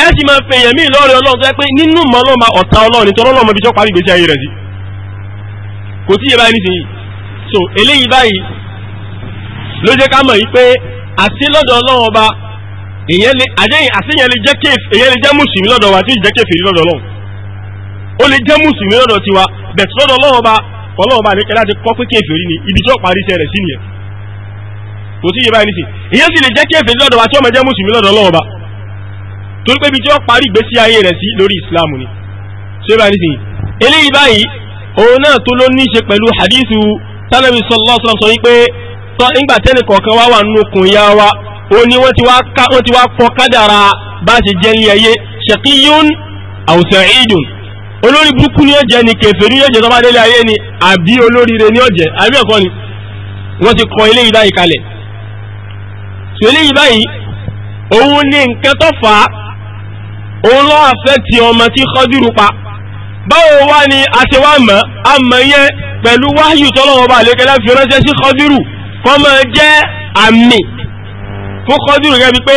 ẹ sì máa fẹ èèyàn míì lọ́rẹ̀ ọlọ́run tó yẹ pé nínú mọ́ ọlọ́run ọ̀tá ọlọ́run nítorí ọlọ́run ọmọbi tó parí ìgbésí ayé rẹ̀ sí kò sí ìyẹ̀bá nísìnyí so eléyìí báyìí ló jẹ́ ká mọ̀ yìí pé àti lọ́dọ̀ ọlọ́run ọba èèyàn lè àjẹyìn àṣeyàn lè jẹ́ kéf èèyàn lè jẹ́ mùsùlùmí lọ́dọ̀ wa tí ì jẹ́ kéf èyí lọ́dọ̀ ọlọ́run ó lè jẹ́ mùsùlùmí lọ́dọ̀ tiwa bẹ̀tẹ̀ lọ́dọ̀ ọlọ́run ọba ọlọ́run ọba àdékẹ́ láti kọ́ pé ni ibi tí ó parí iṣẹ́ rẹ̀ sí nìyẹn kò sí ìyẹ̀bá nísìnyí wa tí torí pé ibi tí ó parí ìgbésí ayé rẹ̀ sí lórí islam ni ṣé bá nísìnyí eléyìí báyìí òun náà tó ló ní í ṣe pẹ̀lú hadithu tánàbí sallallahu alaihi wasallam sọ wípé tọ́ nígbà tẹ́nì kọ̀ọ̀kan wá wà nínú okùn ìyá wa ó ní wọ́n ti wá kọ kádàrà bá ṣe jẹ́ ní ayé shaqiyun aw sa'idun olórí burúkú ni ó jẹ́ ni kèfèrí ni ó jẹ́ tó bá délé ayé ni àbí olóríire ni ó jẹ́ àbí ẹ̀kọ́ ni wọ́n ti kọ eléyìí báyìí kalẹ̀ so eléyìí báyìí òun ni nǹkan tó òun lọ́ àfẹ́tì ọmọ tí Khadiru pa báwo wá ni a ṣe wá mọ̀ a mọ̀ yẹn pẹ̀lú wáyù tọ́lọ́wọ́ bá lékelá fi ránṣẹ́ sí Khadiru kọ́ mọ̀ jẹ́ àmì fún Khadiru gẹ́gẹ́ bí pé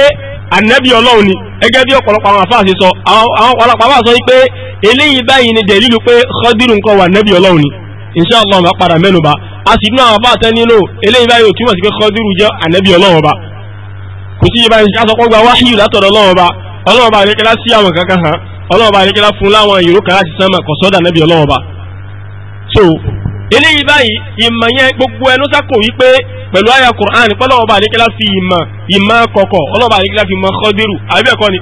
ànábì ọlọ́run ni gẹ́gẹ́ bí ọ̀pọ̀lọpọ̀ àwọn àfáà ṣe sọ àwọn ọ̀pọ̀lọpọ̀ àwọn sọ pé eléyìí báyìí ni dẹ̀lílù pé Khadiru nǹkan wà ànábì ọlọ́run ni insha Allah máa padà mẹ́nuba a sì ní àwọn àfáà tán nílò eléyìí báyìí ò túmọ̀ sí pé Khadiru jẹ́ ànábì ọlọ́run ọba kò sí yẹ báyìí aṣọ pọ́gbà látọ̀dọ̀ ọlọ́run ọba ọlọ́wọ́ bá àlékelá sí àwọn kankan hàn ọlọ́wọ́ bá àlékelá fún láwọn ìró kan láti sánmà kò sọ́dà nẹ́bí ọlọ́wọ́ bá. so eléyìí báyìí ìmọ̀ yẹn gbogbo ẹnu sákò wípé pẹ̀lú àyà Qur'an ọlọ́wọ́ bá àlékelá fi ìmọ̀ ìmọ̀ kọ̀kọ̀ ọlọ́wọ́ bá àlékelá fi mọ Khadiru àbí ẹ̀kọ́ ni.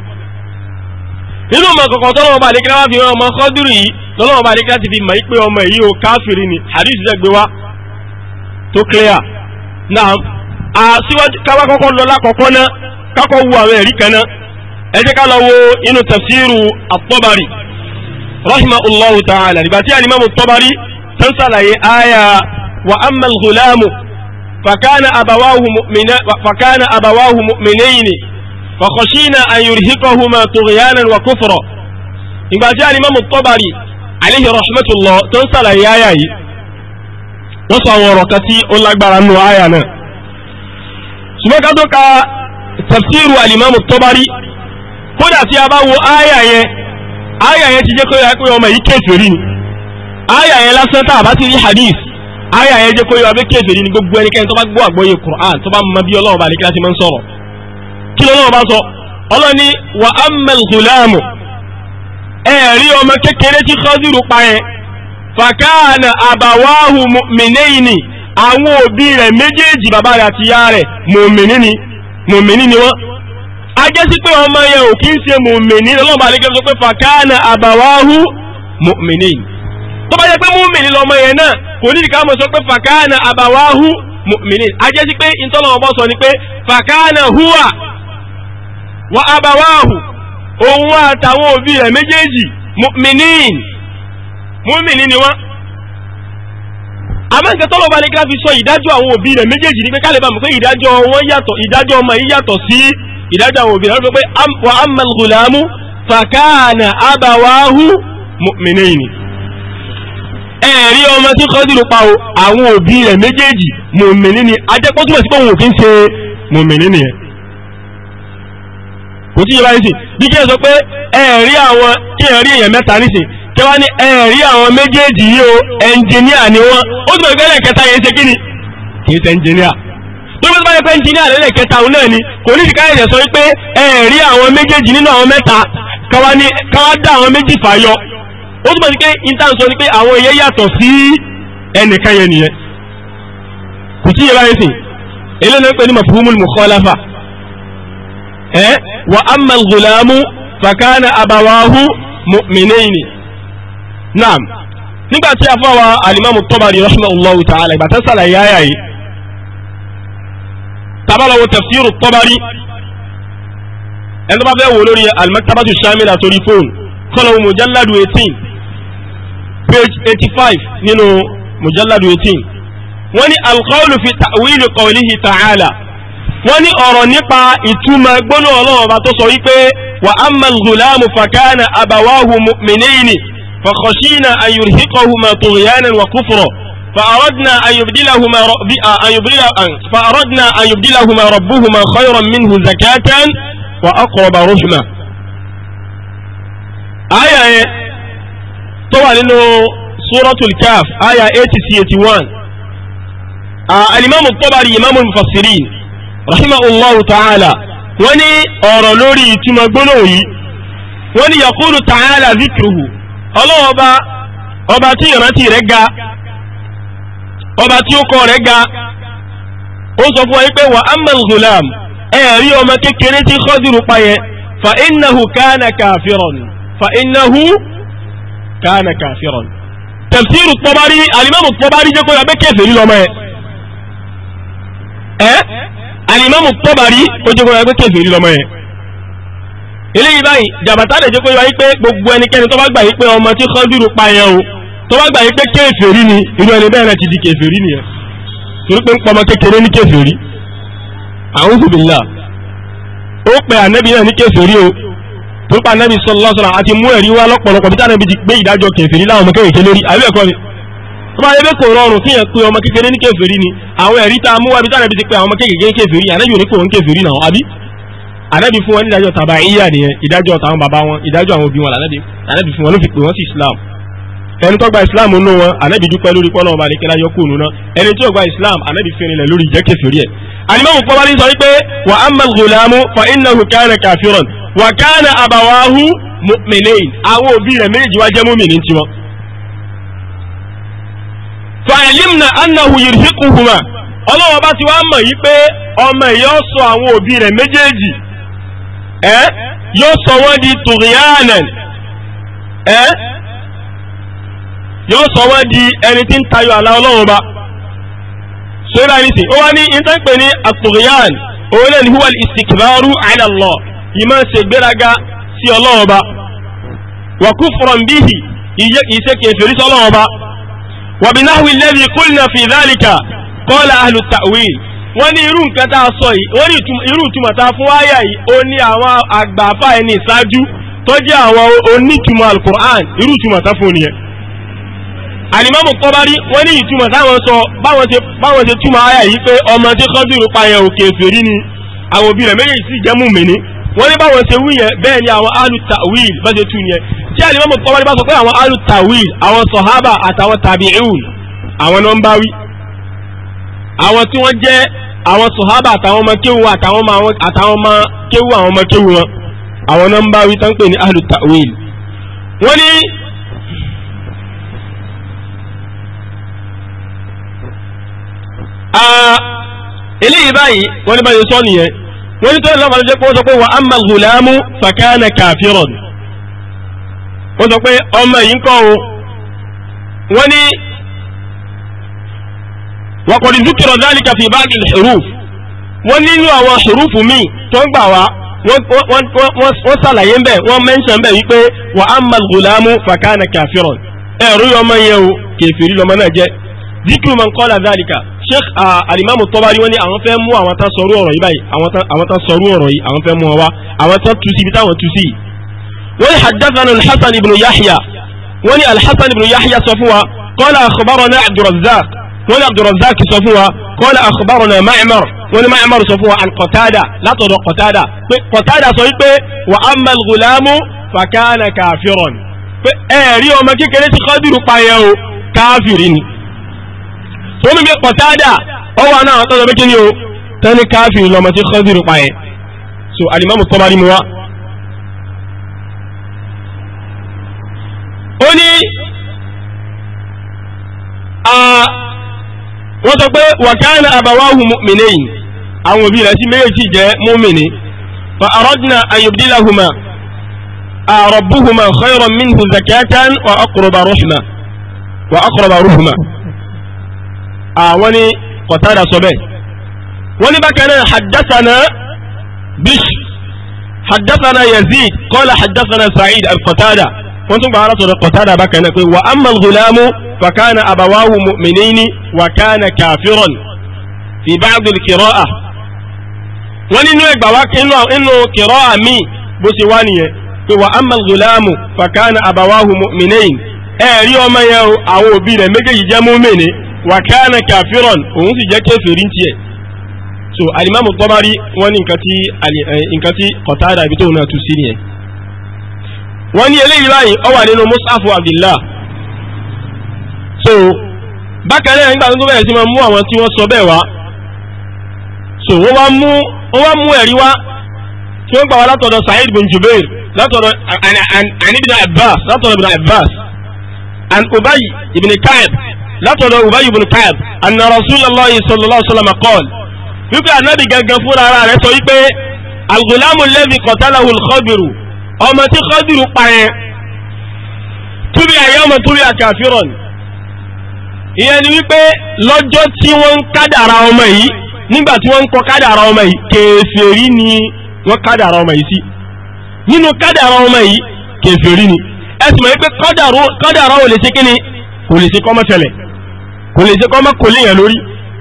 inú ọmọ kọ̀kọ̀ tọ́lọ́wọ́ bá àlékelá wá fi ọmọ Khadiru yìí tọ́lọ́wọ́ bá mọ̀ pé ni hadith gbé wá tó clear. náà àṣìwájú káwá kọ́kọ́ lọ lákọ̀ọ́kọ́ náà kákọ́ wu àwọn ẹ̀rí ẹ jẹ́ ká lọ wo inú tafsiru at-Tabari rahimahullahu ta'ala nígbà tí alimami at-Tabari tó ń sàlàyé aya wa amma al-ghulamu fakana abawahu mu'mina fakana abawahu mu'minayni fakhashina an yurhiqahuma tughyanan wa kufra nígbà tí alimami at-Tabari alayhi rahmatullah tó ń sàlàyé aya yìí wọ́n sọ àwọn ọ̀rọ̀ kan ó lágbára nù aya náà ṣùgbọ́n tó ka tafsiru alimami at kódà tí a bá wo áyà yẹn áyà yẹn ti jẹ́ kó yẹ pé ọmọ yìí kèfèrí ni áyà yẹn lásán tá a bá ti rí hadith áyà yẹn jẹ́ kó yẹ pé kèfèrí ni gbogbo ẹnikẹ́ni tó bá gbọ́ àgbọ́yé Qur'an tó bá mọ kí bá sọ Ọlọ́run ní wa ammal ọmọ kékeré tí pa yẹn àwọn òbí rẹ̀ méjèèjì bàbá rẹ̀ àti rẹ̀ ajẹ́ sí pé ọmọ yẹn ò kí ń ṣe mùmìnì lọ́lọ́mọ àlékẹ́ sọ pé fàkánà àbàwáhù mùmìnì tó bá jẹ́ pé mùmìnì lọ́mọ yẹn náà kò ní ìdíkà mọ̀ sọ pé fàkánà àbàwáhù mùmìnì ajẹ́ sí pé ìtọ́lọ́wọ́ bọ́ sọ ni pé fàkánà húwà wa àbàwáhù òun àtàwọn òbí rẹ̀ méjèèjì mùmìnì mùmìnì ni wọ́n àmọ́ nǹkan tọ́lọ́ bá lè ká fi sọ ìdájọ́ àwọn òbí rẹ̀ méjèèjì ni pé ká lè bá mọ̀ pé ìdájọ́ wọn yàtọ̀ ìdájọ́ ọmọ yìí yàtọ̀ sí ìdájọ́ àwọn òbí rẹ̀ wọ́n fi pé wa ammal ghulamu fakana abawahu mu'minaini. ẹ̀rí ọmọ tí kọ́dúrú pa àwọn òbí rẹ̀ méjèèjì mùmìnì ni ajẹ́pọ́ túmọ̀ sí pé òun kì í ṣe mùmìnì nìyẹn. kò tí yẹ báyìí sí bí kí ẹ sọ pé ẹ̀rí àwọn tẹ́wá ní ẹ̀rí àwọn méjèèjì yìí ẹnjìníà ni wọ́n ó tún ìgbẹ́lẹ̀ kẹta yẹn ṣe kí ni kì ṣe ẹnjìníà tó bí wọ́n bá yẹ pé ẹnjìníà lẹ́lẹ̀ òun náà ni kò ní ìdíkà ẹ̀jẹ̀ sọ wípé ẹ̀rí àwọn méjèèjì nínú àwọn mẹ́ta káwá ní káwá dá àwọn méjì fàyọ ó túnbọ̀ sí pé intan sọ ni pé àwọn èèyàn yàtọ̀ sí ẹnìkan yẹn nìyẹn kò tí yẹ báyìí sìn eléyìí náà ní mafhumul mukhalafa ẹ wa amma al fakana abawahu mu'minaini naam nígbà tí a fọwọ́ alimami tọ́bari rahimahullahu ta'ala ìgbà tẹ́ sàlàyé ayà yìí tabalawo tafsiru tọ́bari ẹni tó bá fẹ́ wò lórí alimaktabatu shamila torí fóònù kọlọ̀wù mujalladu 18 page 85 nínú mujalladu 18 wọ́n ní alqawlu fi ta'wili qawlihi ta'ala wọ́n ní ọ̀rọ̀ nípa ìtumọ̀ gbóná ọlọ́run ọba tó sọ wípé wa amma al fakana abawahu mu'minayni فخشينا أن يرهقهما طغيانا وكفرا فأردنا أن يبدلهما آه، أن آه، فأردنا أن يبدلهما ربهما خيرا منه زكاة وأقرب رحمة آية, إيه؟ طبعا لأنه سورة الكاف ايه 80-81 آه الإمام الطبري إمام المفسرين رحمه الله تعالى وني أرى لوري تمغلوي وني يقول تعالى ذكره ọlọ́wọ́ ọba ọba tí ìrántí rẹ̀ ga ọba tí ó kọ rẹ̀ ga ó sọ fún wa pé wà ammal ghulam ẹ̀rí ọmọ kékeré tí Khadiru pa yẹn fa innahu kana kafiran fa innahu kana kafiran tafsiru Tabari alimamu Tabari jẹ́ kó yà bẹ́ kèfèrí lọ́mọ yẹn ẹ́ alimamu Tabari ó jẹ́ kó yà bẹ́ kèfèrí lọ́mọ yẹn eléyìí báyìí jàbàtà lè jẹ́ kó yíwáyí pé gbogbo ẹnikẹ́ni tó bá gbà yìí pé ọmọ tí kọ́dúrú pa yẹn o tó bá gbà yìí pé kéfèrí ni irú ẹni bẹ́ẹ̀ náà ti di kéfèrí nìyẹn torí pé ń pọmọ kékeré ní kéfèrí àwọn òbílà ó pe ànábì náà ní kéfèrí o tó pa ànábì sallallahu alaihi wasallam àti mú ẹ̀rí wá lọ́pọ̀lọpọ̀ bí tànábì ti gbé ìdájọ́ kéfèrí láwọn ọmọ kékeré lórí àbí ẹ̀kọ́ ni tó bá yẹ pé kò rọrùn ànábì fún wọn ní ìdájọ́ tàbá ìyá nìyẹn ìdájọ́ tàwọn bàbá wọn ìdájọ́ àwọn òbí wọn ànábì ànábì fún wọn ló fi pè wọ́n sí islam ẹni tó gba islam nù wọn ànábì dúpẹ́ lórí pọ́nà ọba àdékẹ́lá yọ kóònù náà ẹni tó gba islam ànábì fẹ́rin lẹ̀ lórí ìjẹ́kẹ́ sórí ẹ̀. alimami kpọ́bálí sọ wípé wa amma al-ghulamu fa innahu kana kafiran wa kana abawahu mu'minin àwọn òbí rẹ̀ méjì wá jẹ́ mu'minin tiwọn. fa'alimna annahu yirhiquhuma ọlọ́wọ́ bá ti wá mọ̀ yí pé ọmọ ìyá ọ̀sọ̀ àwọn òbí rẹ̀ méjèèjì ẹ́ yóò sọ wọ́n di tùrìyànà ẹ́ yóò sọ wọ́n di ẹni tí ń tayọ àlà ọlọ́run ba sórí àníṣe ó wá ní ìtànpẹ̀ ní àtùrìyàn òun náà ní huwa ìsìkìrọ̀rù ala Allah ìmọ̀ ṣe gbéraga sí ọlọ́run ba wa kufran bihi ìṣe kẹfẹ́rí sọ́lọ́run ba wa bi nahwi alladhi qulna fi dhalika qala wọ́n ní irú nǹkan tá a sọ yìí wọ́n ní irú ìtumọ̀ tá a fún wáyà yìí ó ní àwọn àgbàfà ẹni ìṣáájú tó jẹ́ àwọn onítumọ̀ alukur'an irú ìtumọ̀ tá fún nìyẹn. àlìmọ́mù kọ́bárí wọ́n ní ìtumọ̀ táwọn sọ báwọn ṣe túmọ̀ ayà yìí pé ọmọ tí kọ́bìrù payẹ̀ òkè èfèrí ni àwọn òbí rẹ̀ méjèèjì sì jẹ́ mùmíní wọ́n ní báwọn ṣe wí yẹn bẹ́ẹ̀ ni àwọn alu tawil bá ṣe tú yẹn tí àlìmọ́mù kọ́bárí bá sọ pé àwọn alu tawil àwọn sọ̀hábà àtàwọn tàbí'ùn àwọn nọ́mbáwí àwọn tí wọ́n jẹ́ àwọn sọ̀hábà àtàwọn ọmọ kéwu àtàwọn ọmọ kéwu àwọn ọmọ kéwu wọn àwọn náà ń bá wí tán pè ní ahlu ta'wil wọ́n ah, eléyìí báyìí wọ́n ní báyìí sọ nìyẹn wọ́n ní tó ń lọ́wọ́ lọ́jọ́ pé wọ́n sọ pé wa amma al-ghulamu fakana kafiran wọ́n sọ pé ọmọ yìí ń kọ́ o wọ́n ní wọ́kọ̀dì dúkìrọ̀ dálíkà fi báàgì huruf wọ́n nínú àwọn hurufu míì tó ń gbà wá wọ́n sàlàyé ń wọ́n mẹ́ńṣẹ̀ ń wípé wa amma al-ghulamu fakana kafiran ẹ̀rú ọmọ yẹn o kèfèrí lọmọ náà jẹ́ dúkìrù man qala dálíkà sheikh alimamu tọ́bárí wọ́n ní àwọn fẹ́ mú àwọn tán sọrú ọ̀rọ̀ yìí báyìí àwọn tán sọrú ọ̀rọ̀ yìí àwọn fẹ́ mú wọ́n ní abdulrazak sọ fún wa kọ́lá akhbarana ma'mar wọ́n ní ma'mar sọ fún wa an qatada látọ̀dọ̀ qatada pé qatada sọ wípé wa amma al-ghulamu fakana kafiran pé ẹ̀rí ọmọ kékeré tí kọ́dùrú payẹ o káfìrí ni tó ní pé qatada náà tọ́jọ́ pé kí o tẹ́ni káfìrí lọmọ tí kọ́dùrú payẹ so alimamu Tabari mu wa ó wọ́n sọ pé wàkánà àbáwáhù mìíní yìí àwọn òbí rẹ̀ sí méjèèjì jẹ́ múmìnì fa aradna ayubdilahuma rabbuhuma khayran minhu zakatan wa aqraba rahma wa aqraba rahma àwọn ni kọ̀tàdà sọ bẹ́ẹ̀ wọ́n ní bákan náà haddathana bish haddathana yazid qala haddathana sa'id al-qatada wọ́n tún gbà ara sọ̀rọ̀ qatada bákan náà pé wa وكان أبواه مؤمنين وكان كافرا في بعض القراءة ولنو إقبواك إنو, إنو قراءة مي بسوانية وأما الغلام فكان أبواه مؤمنين أري أما يو أو بينا مجي جمومين وكان كافرا ونسي جاكي فرينتيه so alimamu tọ́bárí wọ́n ní nǹkan tí kọ̀tádà ibi tó náà tú sí nìyẹn wọ́n ní so bákan náà nígbà tó bẹ̀rẹ̀ sí máa mú àwọn tí wọ́n sọ bẹ́ẹ̀ wá so wọ́n wá mú wọ́n wá mú ẹ̀rí wá tí wọ́n gbà wá látọ̀dọ̀ Sa'id bin Jubair látọ̀dọ̀ anibina Abbas látọ̀dọ̀ ibn Abbas an Ubay ibn Ka'b látọ̀dọ̀ Ubay ibn Ka'b anna Rasulullah sallallahu alaihi wasallam qala wípé anabi gangan fúnra ara rẹ̀ sọ wípé al-ghulamu alladhi qatalahu al-Khadiru ọmọ tí Khadiru pààyàn túbí àyẹ́ ọmọ túbí àkàfíràn ìyẹn ni wípé lọ́jọ́ tí wọ́n ń kádàrà ọmọ yìí nígbà tí wọ́n ń kọ kádàrà ọmọ yìí kèfèrí ni wọ́n kádàrà ọmọ yìí sí nínú kádàrà ọmọ yìí kèfèrí ni ẹ sì mọ̀ wípé kádàrà ò lè ṣe kíni kò lè ṣe kọ́ mọ́ṣẹlẹ̀ kò lè ṣe kọ́ mọ́ kò lórí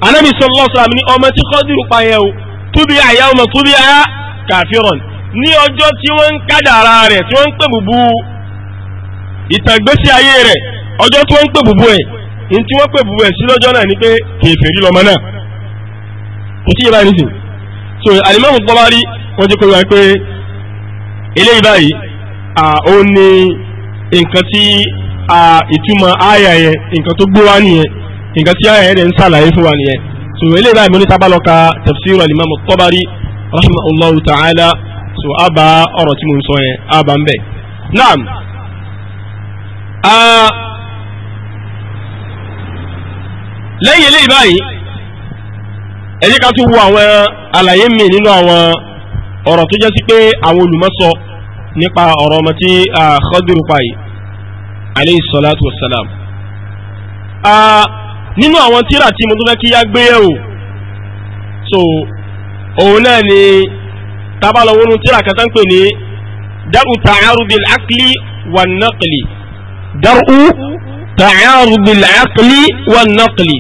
anábì sallallahu ni ọmọ tí kọ́dùrú pa yẹn o túbí àyà ọmọ túbí àyà kàfíràn ní ọjọ́ tí wọ́n ń kádàrà rẹ̀ tí wọ́n ń pè ìtàgbésí ayé rẹ̀ ọjọ́ tí ń pè bùbù ẹ̀ ní tí wọ́n pè búbú sí lọ́jọ́ náà ni pé kèfèrí lọ́mọ náà kò tí yẹ báyìí nísìn so alimami Tabari wọ́n ti kọ́ wa pé eléyìí báyìí ó ní nǹkan tí ìtumọ̀ àyà yẹn nǹkan tó gbé wá nìyẹn nǹkan tí àyà yẹn rẹ̀ ń sàlàyé fún wa nìyẹn so eléyìí báyìí mo ní tábà lọ́ka tafsir alimami Tabari rahimahullahu ta'ala so àbá ọ̀rọ̀ tí mo ń sọ yẹn àbá ń bẹ̀ naam. lẹ́yìn eléyìí báyìí ẹ jẹ́ ká tún wo àwọn àlàyé mi nínú àwọn ọ̀rọ̀ tó jẹ́ sí pé àwọn olùmọ́sọ nípa ọ̀rọ̀ ọmọ tí Khadiru pa yìí aleyhi salatu wassalam nínú àwọn tíra tí mo tún fẹ́ kí yá gbé yẹ̀wò so òun náà ni tábàlọ́wọ́ nínú tíra kan tán pè ní dar'u ta'arudil aqli wan naqli dar'u ta'arudil aqli wan naqli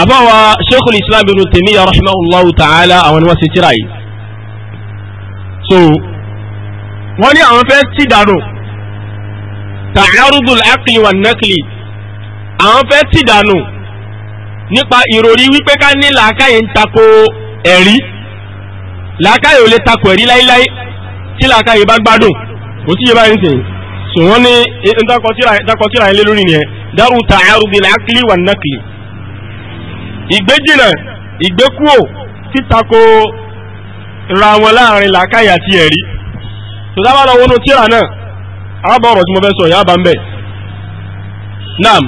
àbáwa sheikhul islam ibn tèmíyà rahimahullahu ta'ala àwọn ni wọ́n ṣe so wọ́n ní àwọn fẹ́ ti dànù ta'arudul aqli wan naqli àwọn fẹ́ ti dànù nípa ìròrí wípé ká ní làákàyè ń tako ẹ̀rí làákàyè ò lè tako ẹ̀rí láíláí tí làákàyè bá gbádùn kò sí yé báyìí nìyẹn so wọ́n ní eh, ntakọ̀tíra ẹ̀ lé lórí nìyẹn daru ta'arudul aqli wan naqli ìgbéjìnà ìgbékúò títako ra wọn láàrin làákàyà àti ẹ̀rí tó dábàá lọ wọnú tíra náà àbọ̀ ọ̀rọ̀ tí mo fẹ́ sọ ìyá bá ń bẹ̀ naam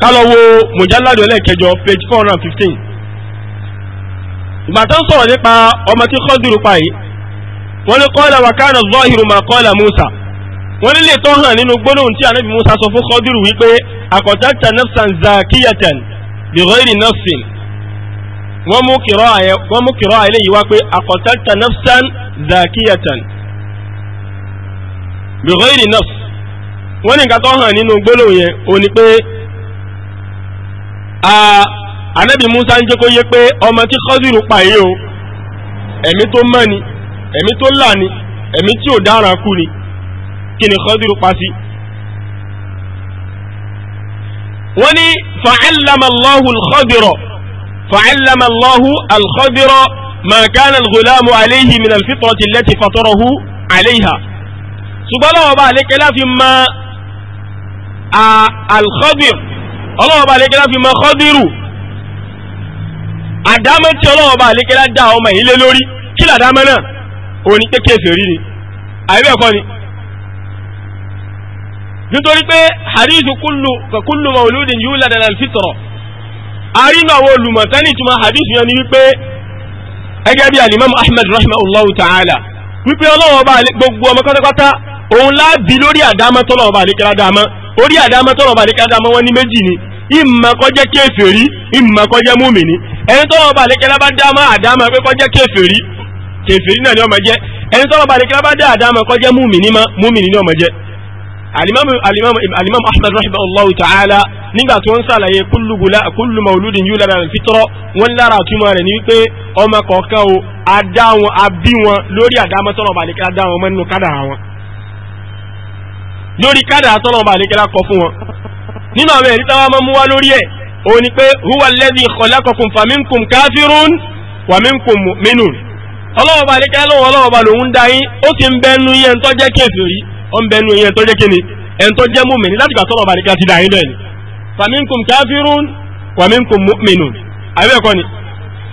kálọ̀ wo mujalladu ẹlẹ́kẹjọ page four hundred and fifteen ìgbà tó ń sọ̀rọ̀ nípa ọmọ tí kọ́dùrú pa yìí wọ́n ní qala wa kana zahiru ma qala Musa wọ́n ní lè tọ́ hàn nínú gbólóhùn tí anábì Musa sọ fún kọ́dùrú wípé aqtalta nafsan zakiyatan bi ghairi nafsin wọ́n mú kìrọ́ àyẹ wọ́n mú kìrọ́ pé aqtalta nafsan zakiyatan bi ghairi nafs wọ́n ní nǹkan tó hàn nínú gbólóhùn yẹn ó ní pé anabi musa ń jẹ́ kó yé pé ọmọ tí kọ́sìrù pa yìí o ẹ̀mí tó mọ́ ni ẹ̀mí tó là ni ẹ̀mí tí ò dára kú ni kí ni kọ́sìrù pa sí. Si wọ́n ní fa'allamallahu alkhadira fa'allamallahu alkhadira ma kana alghulamu alayhi min alfitrati allati fatarahu alayha ṣùgbọ́n lọ́wọ́ bá àlékẹ́ láfi ma alkhadir ọlọ́wọ́ bá àlékẹ́ láfi ma khadiru àdámẹ́ tí ọlọ́wọ́ bá àlékẹ́ lá dá ọmọ ìlé lórí kí làdámẹ́ náà òní pé kéfèrí ni àìbẹ́ẹ̀kọ́ ni nítorí pé hadithu kullu ka kullu mauludin yulad ala alfitra àrínú àwọn olùmọ̀tán ní ìtumọ̀ hadithu yẹn ni wípé ẹgẹ́ bí alimam ahmed rahimahullahu ta'ala wípé ọlọ́wọ́ bá gbogbo ọmọ pátápátá òun láàbí lórí àdámọ́ tọ́lọ́wọ́ bá lékẹ́lá dámọ́ orí àdámọ́ tọ́lọ́wọ́ bá lékẹ́lá dámọ́ wọn ní méjì ni ìmọ̀ kó jẹ́ kèfèrí ìmọ̀ kó jẹ́ múmìnì ẹni tọ́lọ́wọ́ bá lékẹ́lá bá dámọ́ àdámọ́ pé kó jẹ́ kèfèrí náà ni ó máa jẹ́ ẹni tọ́lọ́wọ́ bá lékẹ́lá bá dá àdámọ́ kó jẹ́ ni ó máa alimami alimami alimami ahmed rahimahu allahu ta'ala nígbà tó ń sàlàyé kullu gula kullu mauludin yóò lára fitrọ wọn lára àtúmọ̀ rẹ̀ ní wípé ọmọ kọ̀ọ̀kan o adá wọn abí wọn lórí àdámọ́ tọ́lọ̀ bá lékelá dá wọn mọ́nú kádàrá wọn lórí kádàrá tọ́lọ̀ bá lékelá kọ fún wọn nínú àwọn ẹ̀rí táwọn máa mú wá lórí ẹ̀ ó ní pé huwa alladhi khalaqakum faminkum kafirun wa minkum ọlọ́wọ́ bá lékelá lọ́wọ́ ọlọ́wọ́ ó ń bẹnu ìyẹn tó jẹ́ kíni ẹn tó jẹ́ mùmìnì láti gbà sọ́rọ̀ bàdìkà ti dàáyín dẹ̀ ni faminkum kafirun wa minkum mu'minun àbí ẹ̀kọ́ ni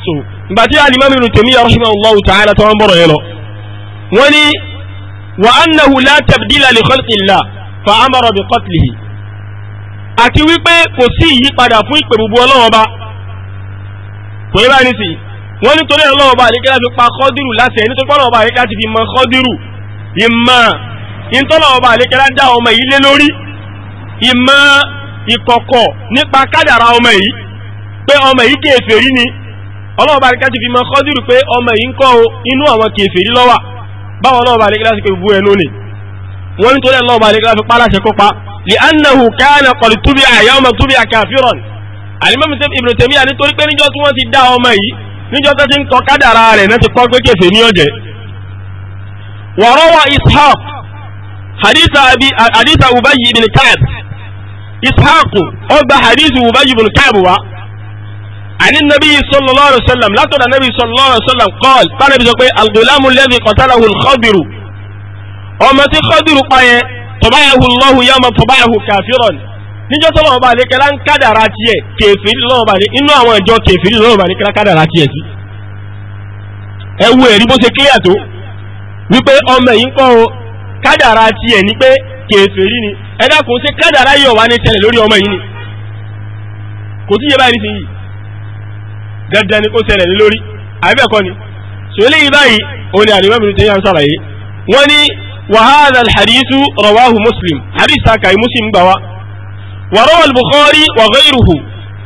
so ìgbà tí al-imam ibn Taymiyyah rahimahullahu ta'ala tó ń bọ̀rọ̀ yẹn lọ wọ́n ní wa annahu la tabdila li khalqillah fa amara bi qatlihi àti wípé kò sí ìyípadà fún ìpè bùbù ọlọ́wọ́n ba ìtọ́lọ̀ ọba àlékẹ́lá dá ọmọ yìí lé lórí ìmọ̀ ìkọ̀kọ̀ nípa kádàrá ọmọ yìí pé ọmọ yìí kèfèrí ni ọlọ́wọ́ bá àlékẹ́lá ti fi mọ kọ́dìrú pé ọmọ yìí ń kọ́ o inú àwọn kèfèrí lọ́wà báwọn ọlọ́wọ́ àlékẹ́lá ti pé bú ẹnu ni wọ́n ní torí ọlọ́wọ́ bá àlékẹ́lá fi pálá ṣe kópa kana kọ̀lì túbí àyà ọmọ túbí àkàfíràn alimami sef Ibn Taymiyyah nítorí pé níjọ́ tí wọ́n ti dá ọmọ yìí níjọ́ tó ti ń kọ kádàrá rẹ̀ náà ti Ishaq hadith abi hadith ubayi bin kaab ishaq ó gba hadith ubayi bin kaab wa ani nabi sallallahu alayhi wa sallam látọ̀dọ̀ nabi sallallahu alayhi wa sallam kọ́ọ̀l bá nabi sọ pé al-gulamu alladhi qatalahu al-khadiru ọmọ tí khadiru pa yẹn tọ̀báyàwó lọ́hùn yá ma tọ̀báyàwó kàfíràn níjọ́ tó lọ́wọ́ bá lè kẹ́lá ń kádàrá tiẹ̀ kèfèrí lọ́wọ́ bá lè inú àwọn ìjọ kèfèrí lọ́wọ́ bá lè kẹ́lá kádàrá tiẹ̀ sí. ẹ wo ẹ̀rí bó ṣe kílíà tó wípé ọmọ yìí ń kọ́ o kádàrá tiẹ̀ ní pé kèfèrí ni ẹ dákun ṣe kádàrá yìí ọ̀wá ní tẹ̀lé lórí ọmọ yìí ni kò tí yé báyìí nísìnyí dandan ni kò ṣẹlẹ̀ ní lórí àbẹ́ẹ̀kọ́ ni sọlẹ́ yìí báyìí òun ni àdìmọ́ mi tẹ́yà ń sàlàyé wọ́n ní wàhálà alhadisu rawahu muslim hadith takai muslim gbà wá wàrọ́ al-bukhari wa ghayruhu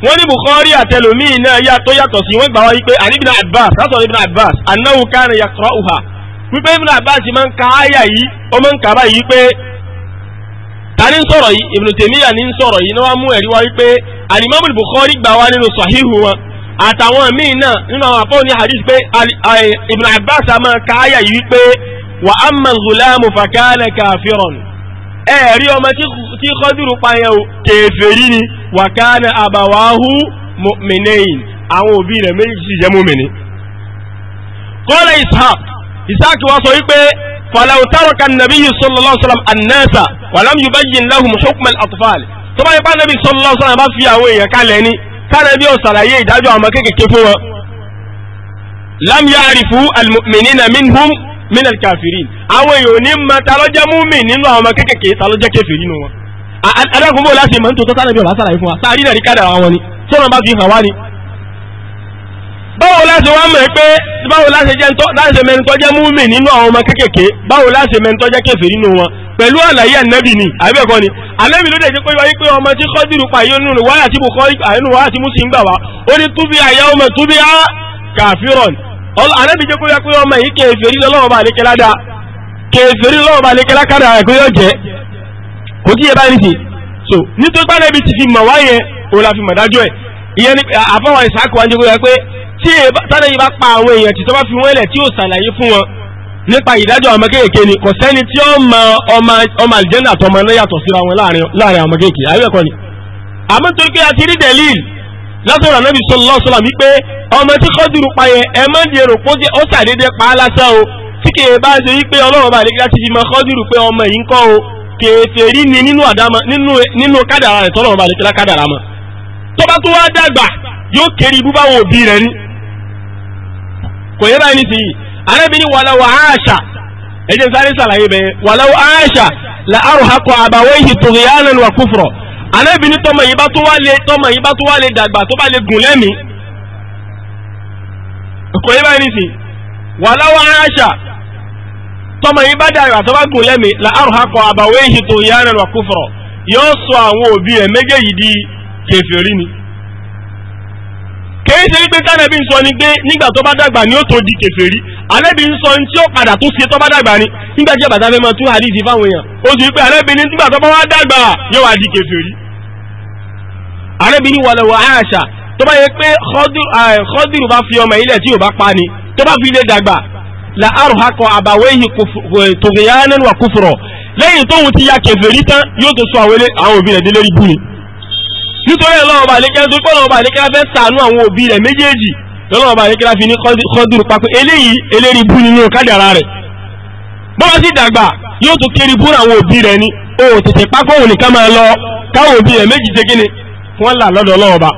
wọ́n ní bukhari àtẹlómi náà yàtọ̀ yàtọ̀ sí wọ́n gbà wá yí pé àníbìnà abbas wípé Ibn Abbas máa ń ka àyà yìí ó máa ń kà báyìí wípé ta ni ń sọ̀rọ̀ yìí Ibn Taymiyyah ni ń sọ̀rọ̀ yìí ni wọ́n mú ẹ̀rí wá wípé Al-Imam Bukhari gbà wá nínú Sahihu wọn àtàwọn míì náà nínú àwọn àpọ̀ ní hadith pé Ibn Abbas máa ka àyà yìí wípé wa amma al-ghulamu fa kana kafiran ẹ̀rí ọmọ tí Khadiru payẹ̀ kèfèrí Ishaq isaac wa sọ wípé falaw taraka nabiyyu sallallahu alaihi wa sallam annasa walam yubayyin lahum hukm al-atfal tó bá yẹ bá nabi sallallahu alaihi wa sallam bá fi àwọn èèyàn kalẹ̀ ni kára bí ó sàlàyé ìdájọ́ àwọn kékèké fún wọn lam ya'rifu al-mu'minina minhum min al-kafirin àwọn èèyàn ní ma ta ló jẹ́ mu'min nínú àwọn kékèké ta ló jẹ́ kèfèrí nínú wọn adákùnbó láti mọ̀ ní tòótọ́ sáré bí ọ̀bá sàlàyé fún wa sáré rẹ̀ rí kádà àwọn ni sọ́nà báwo láti wá mọ̀ pé báwo láti jẹ́ mẹ́ntọ́ jẹ́ múmi nínú àwọn ọmọ kékèké báwo láti mẹ́ntọ́ jẹ́ kèfèrí nínú wọn pẹ̀lú àlàyé ànábì ni àbẹ́ẹ̀kọ́ ni ànábì ló dẹ̀ ti pé wáyé pé ọmọ tí kọ́dìrú pa yóò nínú wáyà tí bùkọ́ àyínú wáyà tí mùsùlùmí gbà wá ó ní túbí àyà ọmọ túbí á kàfíràn ànábì jẹ́ pé pé ọmọ yìí kèfèrí lọ́wọ́ bá lè kẹ́lá dáa kèfèrí lọ́wọ́ bá lè kẹ́lá ẹ̀kọ́ yóò jẹ́ kò tí yẹ bá nìsí so nítorí pé ànábì ti fi mọ̀ wáyẹn òun la fi mọ̀ dájú ẹ̀ ìyẹn ni àfọwọ́ ìsáàkù wájú pé tí sáré yìí bá pa àwọn èèyàn tí tó bá fi wọ́n lẹ̀ tí ó ṣàlàyé fún wọn nípa ìdájọ́ ọmọ kéèké ni kò sẹ́ni tí ó mọ ọmọ àlìjẹ́ndà àtọmọ náà yàtọ̀ síra wọn láàrin ọmọ kéèké ayé ẹ̀kọ́ ni. àmọ́ torí pé a ti rí dẹ̀líl látọ̀rọ̀ anábì sallallahu alaihi wasallam wípé ọmọ tí kọ́dùrú pa yẹn ẹ má di èrò pé ó ṣàdédé pa á lásán o tí kèé bá ṣe wípé ọlọ́run bá lè gíga ti fi mọ kọ́dùrú pé ọmọ yìí ń kọ́ o kèfèrí ni nínú kádàrà rẹ̀ tọ́lọ́run bá lè fi lá kádàrà mọ́ tó bá tó wá ni kò yẹ báyìí nísìnyí arábìnrin wàláwà àṣà ẹjẹ sáré sàlàyé bẹ wàláwà àṣà la arhaqu abawayhi tughyanan wa kufra arábìnrin tọmọ yìí bá tó wá lé tọmọ yìí bá tó wá lé dàgbà tó bá lé gùn lẹ́mìí kò yẹ báyìí nísìnyí wàláwà àṣà tọmọ yìí bá dàgbà tó bá gùn lẹ́mìí la arhaqu abawayhi tughyanan wa kufra yóò sọ àwọn òbí ẹ̀ méjèèjì di kèfèrí ni kìí ṣe wípé kánẹ́bí ń sọ ni pé nígbà tó bá dàgbà ni ó tó di kèfèrí alẹ́bí ń sọ tí ó padà tó ṣe tó bá dàgbà ni nígbà tí bàtà fẹ́ máa tún àdìsí fáwọn èèyàn ó sì wípé alẹ́bí ni nígbà tó bá wá dàgbà yóò wá di kèfèrí. alẹ́bí ni wàlẹ̀ wà áyàṣà tó bá yẹ pé Khadiru bá fi ọmọ ilẹ̀ tí yóò bá pa ni tó bá fi ilé dàgbà la arhaqu abawehi tughyanan wa kufra lẹ́yìn tóun ti ya kèfèrí tán yóò tó sọ àwọn nítorí ọlọ́run ọba àlékẹ́lá tó pọ̀ ọlọ́run ọba àlékẹ́lá fẹ́ sàánú àwọn òbí rẹ̀ méjèèjì lọ́lọ́run ọba àlékẹ́lá fi ní kọ́dùrú papọ̀ eléyìí eléri bú nínú kádàrá rẹ̀ bọ́lá sì dàgbà yóò tún kiri bú àwọn òbí rẹ̀ ni o tètè pákó òun nìkan máa lọ káwọn òbí rẹ̀ méjì jẹ́ kíni wọ́n là lọ́dọ̀ ọlọ́run ọba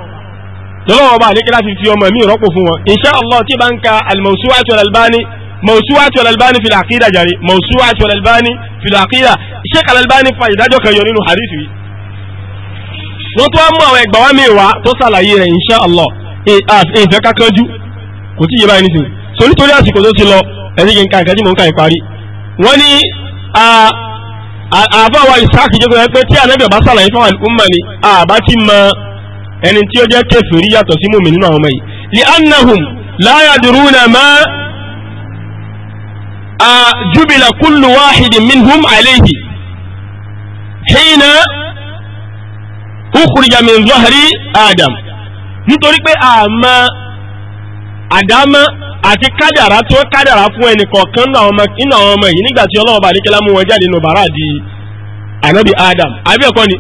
lọ́lọ́run ọba àlékẹ́lá fi fi ọmọ mi rọ́pò fún wọn insha Allah tí bá ń ka al-mawsu'at wal-albani mawsu'at wal-albani fil-aqida jàre mawsu'at wal-albani fil-aqida Sheikh al-Albani fa ìdájọ́ kan yọ wọ́n tó wá mú àwọn ẹgbàá wá mi wá tó ṣàlàyé rẹ̀ insha allah ìfẹ́ kákanjú kò tí ì yé báyìí nísìnyí so nítorí àsìkò tó ti lọ ẹni kí n ka nǹkan tí mò ń ka ìparí wọ́n ní àbáwá ìsáàkì jẹ́ pé pé tí ànábì ọba ṣàlàyé fún àwọn ọmọ ni àbá ti mọ ẹni tí ó jẹ́ kèfèrí yàtọ̀ sí mòmí nínú àwọn ọmọ yìí li annahum la yadruna ma jubila kullu wahidin minhum alayhi hina ukhrija min zahri adam nítorí pé àmọ́ àdámọ́ àti kádàrá tó kádàrá fún ẹnì kọ̀ọ̀kan nínú àwọn ọmọ yìí nígbà tí ọlọ́wọ́ bá àdékẹ́lá wọn jáde nù bàrà di anabi adam àbí ẹ̀kọ́ ni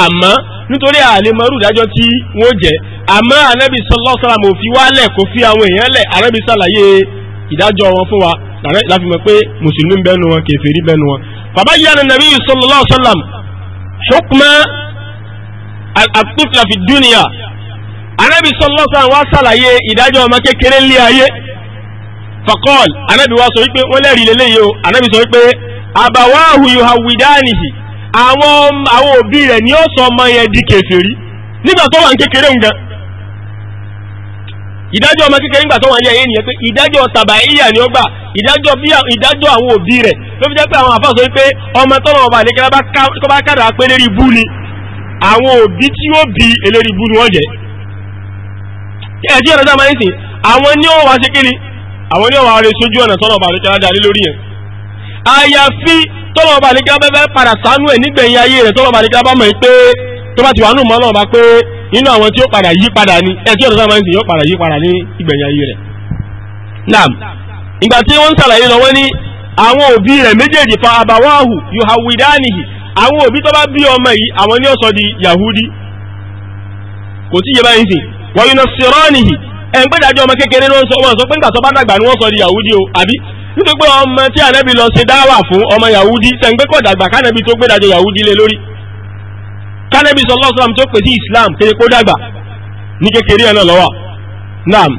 àmọ́ nítorí àlemọ́rù ìdájọ́ tí wọ́n jẹ́ àmọ́ ànábì sallallahu alaihi fi wálẹ̀ kò fi àwọn èèyàn lẹ̀ anabi sàlàyé ìdájọ́ wọn fún wa láti mọ̀ pé mùsùlùmí bẹ́nu wọn kèfèrí bẹ́nu wọn. bàbá yìí àtúfìlà fi dúnìyà anábì sọlọ́sàn wá sàlàyé ìdájọ́ ọmọ kékeré ńlé ayé fakọ́l anábì wá sọ wípé wọ́n lẹ́rìí lélẹ́yìí o anábì sọ wípé àbàwáhù yóò hàwìdánìhì àwọn àwọn òbí rẹ̀ ni ó sọ ọmọ yẹn di kèfèrí nígbà tó wà ní kékeré ń gan ìdájọ́ ọmọ kékeré nígbà tó wà ní ẹ̀yẹ́ nìyẹn pé ìdájọ́ tàbáyíyà ni ó gbà ìdájọ́ bí ìdájọ́ àwọn òbí rẹ̀ ló fi jẹ́ pé àwọn àfáà sọ wípé ọmọ tọ́mọ ọba àlékẹ́lá bá kádàá pé lérí bú ni àwọn òbí tí ó bí eléri bú ni wọ́n jẹ́ ẹ̀jí ọ̀nà dáa máa ń sìn àwọn ní ó ṣe kí ni àwọn ní ó wá rẹ sójú ọ̀nà tọ́lọ̀ ọba àlekẹ́lá dá lé lórí yẹn àyàfi tọ́lọ̀ ọba bẹ́ẹ̀ padà sánú ẹ̀ ọba mọ̀ pé tó bá ti wà náà bá pé inú àwọn tí ó padà yí padà ni àwọn òbí tó bá bí ọmọ yìí àwọn ní ó sọ di yahudi kò tí yẹ báyìí sìn wọ́n yìí náà sirọ́ọ̀nìyì ẹ̀ ń pẹ́dájọ́ ọmọ kékeré ló ń sọ wọ́n sọ pé nígbà tó bá dàgbà ni wọ́n sọ di yahudi o àbí nítorí pé ọmọ tí ànábì lọ ṣe dáwà fún ọmọ yahudi tẹ̀ǹgbẹ́ kọ̀ dàgbà kánàbì tó gbẹ́dájọ́ yahudi lé lórí sallallahu alaihi wasallam tó pè islam kéde kó dàgbà ní kékeré náà lọ́wọ́ naam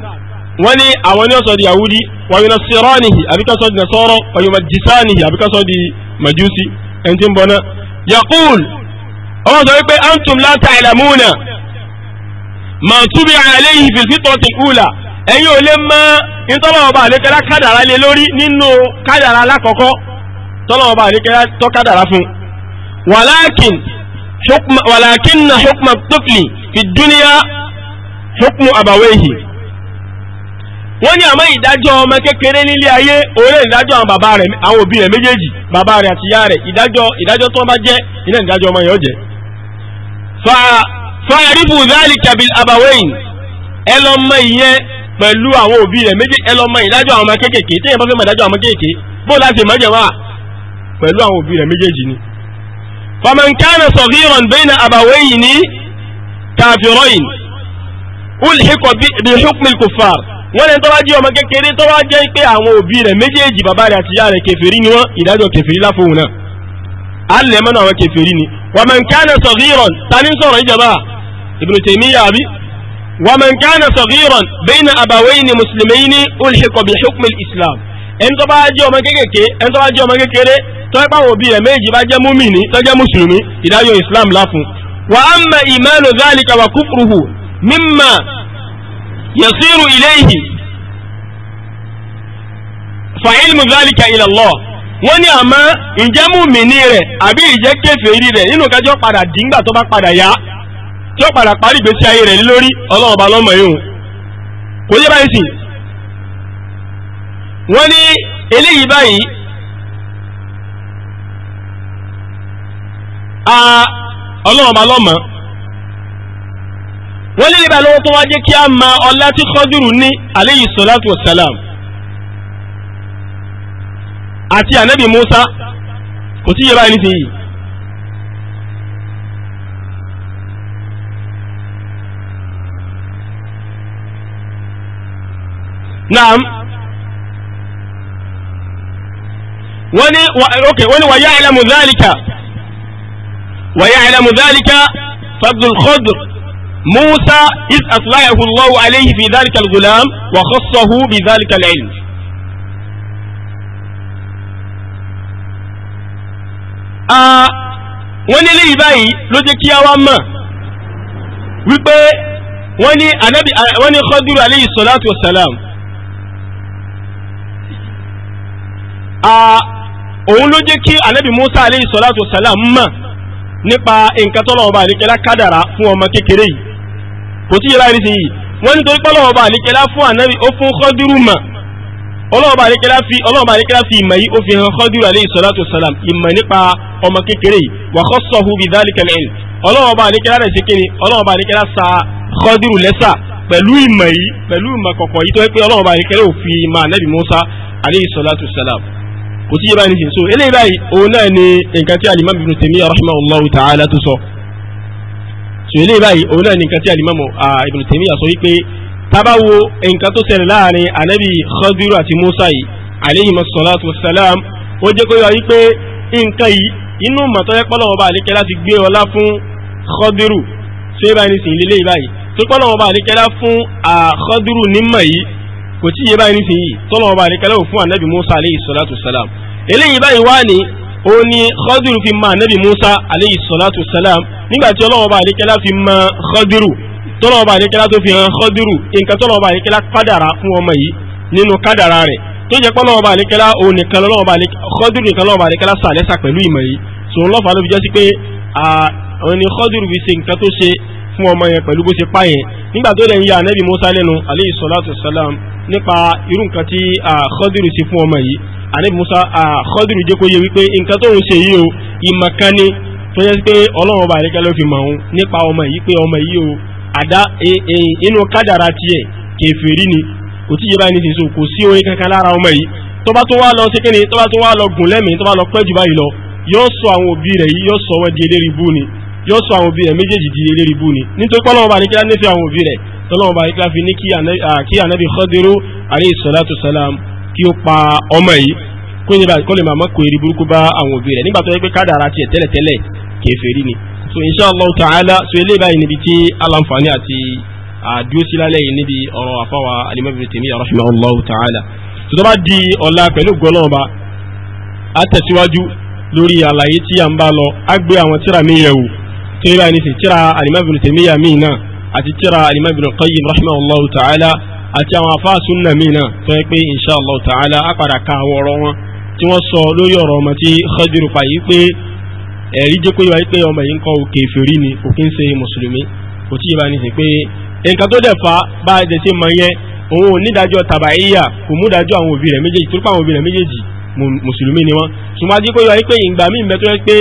wọ́n ní àwọn ní ó sọ di yahudi wọ́n yìí náà sirọ́ọ̀nìyì àbíkọ́sọ́ di nasọ́rọ́ wọ́n yìí náà majusi ẹni tí ń bọ̀ náà yaqul ọmọ sọ wípé antum la ta'lamuna ma tubi alayhi fil fitrati ula ẹ̀yin ò lè mọ̀ ìtọ́lọ̀ ọba àlékẹ́lá kádàrá lé lórí nínú kádàrá alákọ̀ọ́kọ́ tọ́lọ̀ ọba àlékẹ́lá tọ́ kádàrá fún walakin na hukma tófìlì fi dúníyà hukmu àbàwẹ́yìí wọ́n ní àmọ́ ìdájọ́ ọmọ kékeré nílé ayé òun ìdájọ́ àwọn bàbá rẹ̀ àwọn òbí rẹ̀ méjèèjì bàbá rẹ̀ àti ìyá rẹ̀ ìdájọ́ ìdájọ́ tó bá jẹ́ iná ìdájọ́ ọmọ yẹn ó jẹ́. fàáríbù zalika bil abawayn ẹ lọ mọ ìyẹn pẹ̀lú àwọn òbí rẹ̀ méjèèjì ẹ lọ mọ ìdájọ́ àwọn ọmọ kékèké téèyàn bá fẹ́ mọ ìdájọ́ àwọn kékèké bó láti mọ wá pẹ̀lú àwọn òbí rẹ̀ méjèèjì ni. faman kana saghiran bayna abawayn kafirin ulhiqa bi hukmi al wọ́n lẹ́ni tó bá jẹ́ ọmọ kékeré tó bá jẹ́ pé àwọn òbí rẹ̀ méjèèjì bàbá rẹ̀ àti ìyá rẹ̀ kèfèrí ni wọ́n ìdájọ́ kèfèrí láfóhùn náà alẹ́ mọ́nà àwọn kèfèrí ni wọ́n mọ̀ nǹkan sọ̀gírọ̀n tani sọ̀rọ̀ ìjọba Ibn Taymiyyah àbí wọ́n mọ̀ nǹkan sọ̀gírọ̀n bayna abawayni muslimayni ulhiqa bi hukmi islam ẹni tó bá jẹ́ ọmọ kékeré yasiru ilayhi fa ilmu dhalika ila Allah wọ́n ní àmọ́ ìjẹ́ mùmíní rẹ̀ àbí ìjẹ́ kèfèrí rẹ̀ nínú kájọ́ padà dìgbà tó bá padà yá tí ó padà parí ìgbésí ayé rẹ̀ lórí ọlọ́run ọba kò báyìí sí wọ́n ní eléyìí báyìí wọ́n lè bá lọ́wọ́ tó wá jẹ́ kí a ma ọlá tí Khadiru ní alayhi salatu wassalam àti ànábì Musa kò sí yẹba ẹni tìyí naam wọ́n ní wọ́n ní wa ya'lamu dhalika wa ya'lamu dhalika fadlul Khadr موسى إذ أطلعه الله عليه في ذلك الغلام وخصه بذلك العلم. bi dhalika al-ilm. wọ́n ní léyìí báyìí ló jẹ́ kí a wá mọ̀ wípé wọ́n ní anabi wọ́n ní khadiru alayhi salatu wa salam. òun ló jẹ́ kí anabi musa alayhi salatu wa mọ̀ nípa nǹkan tọ́lọ́wọ́ bá àríkẹ́lá kádàrá fún ọmọ kékeré yìí kò tí yẹra ìrísí yìí wọ́n ní torí pọ́lọ́wọ́ bá àlékelá fún ànábì ó fún kọ́dúrú mà ọlọ́wọ́ bá àlékelá fi ọlọ́wọ́ bá àlékelá fi ìmọ̀ yìí ó fi hàn kọ́dúrú alayhi salatu wassalam ìmọ̀ nípa ọmọ kékeré yìí wa khassahu bi dhalika al-ilm ọlọ́wọ́ bá àlékelá rẹ̀ ṣe kíni ọlọ́wọ́ bá àlékelá sa kọ́dúrú lẹ́sà pẹ̀lú ìmọ̀ yìí pẹ̀lú ìmọ̀ kọ̀kọ̀ yìí tó yẹ pé ọlọ́wọ́ bá àlékelá ò fi ìmọ̀ ànábì Musa alayhi salatu wassalam kò tí yẹ báyìí nìyí so eléyìí báyìí òun náà ni nǹkan tí alimami Ibn Taymiyyah rahimahullahu ta'ala tó sọ sọ eléyìí báyìí òun náà ní nǹkan tí alimami Ibn Taymiyyah sọ wípé tábàwo nǹkan tó ṣẹlẹ̀ láàrin anabi khadiru àti musa yìí aleyhi masalatu wasalam ó jẹ́ kó yọ wípé nǹkan yìí inú màtọ́yẹ́ pọ́lọ́wọ́ bá àlékẹ́ láti gbé ọlá fún khadiru sọ yìí báyìí nísìnyí lílé yìí báyìí tó pọ́lọ́wọ́ bá àlékẹ́ lá fún khadiru nímọ̀ yìí kò tí yé báyìí nísìnyí tọ́lọ́wọ́ bá àlékẹ́ lá fún anabi musa aleyhi salatu wasalam eléyìí báyìí wá ní ó ní khadiru fi ma anabi musa aleyhi salatu salam nígbà tí ọlọ́wọ́ bá àdékẹ́lá fi ma khadiru tọ́lọ́wọ́ bá àdékẹ́lá tó fi hàn khadiru nǹkan tọ́lọ́wọ́ bá àdékẹ́lá kádàrà fún ọmọ yìí nínú kádàrà rẹ̀ tó jẹ́ pọ́lọ́wọ́ bá àdékẹ́lá òun nìkan lọ́wọ́ bá khadiru nìkan lọ́wọ́ bá àdékẹ́lá sàlẹ́sà pẹ̀lú ìmọ̀ yìí sòun lọ́fà ló fi jẹ́ sí pé àwọn ni khadiru fi ṣe nǹkan tó ṣe fún ọmọ nípa irú nǹkan tí Khadiru sí fún ọmọ yìí ànábì Musa Khadiru jẹ́ kó yé wípé nǹkan tó ń ṣe yìí o ìmọ̀ kan ni tó yẹ pé ọlọ́run ọba àríkẹ́ ló fi mọ̀ òun nípa ọmọ yìí pé ọmọ yìí o àdá inú kádàrá tiẹ̀ kèfèrí ni kò tí yé báyìí ní kò sí orin kankan lára ọmọ yìí tó bá tún wá lọ sí kíni tó bá tún wá lọ gùn lẹ́mìí tó bá lọ pẹ́ jù báyìí lọ yóò sọ àwọn òbí rẹ̀ yìí yóò sọ wọ́n di eléríbú ni yóò sọ àwọn òbí rẹ̀ méjèèjì di eléré bú ni nítorí pé ọlọ́wọ́ bá ní kí á nífẹ̀ẹ́ àwọn òbí rẹ̀ tọ́lọ́wọ́ bá ní kí á fi ní kí ànábì Khadiru alayhi salatu salam kí ó pa ọmọ yìí kó ní bá kọ́lé màmá kó eré burúkú bá àwọn òbí rẹ̀ nígbà tó yẹ pé kádàrá tiẹ̀ tẹ́lẹ̀tẹ́lẹ̀ kèfèrí ni so insha Allah ta'ala so eléyìí báyìí níbi tí aláǹfààní àti àdúrósílálẹ̀ yìí níbi ọ̀rọ̀ àfáwà alimọ́bìnrin tèmi rahimahullahu ta'ala tó tó bá di ọ̀la pẹ̀lú gọlọ́ọ̀ba á tẹ̀síwájú lórí àlàyé tí à ń ṣe báyìí ní sí tíra alimá ibn tèmíyà míì náà àti tíra alimá ibn qayyim rahimahullahu ta'ala àti àwọn afáàsùn náà míì náà tó yẹ pé insha allah ta'ala á padà ka àwọn ọ̀rọ̀ wọn tí wọ́n sọ lórí ọ̀rọ̀ ọmọ tí khadiru pa yìí pé ẹ̀rí jẹ́ pé wáyé pé ọmọ yìí ń kọ́ òkè fèrí ni kò kí ń ṣe mùsùlùmí kò tí ì bá ní sí pé nǹkan tó fa bá a jẹ́ sí òun ò nídàájọ́ tàbáyíyà kò mú dájọ́ àwọn òbí rẹ̀ méjèèjì torí pé àwọn òbí rẹ̀ méjèèjì mùsùlùmí ni wọ́n ṣùgbọ́n ajé pé wáyé pé ìgbà míì mẹ́tọ́ pé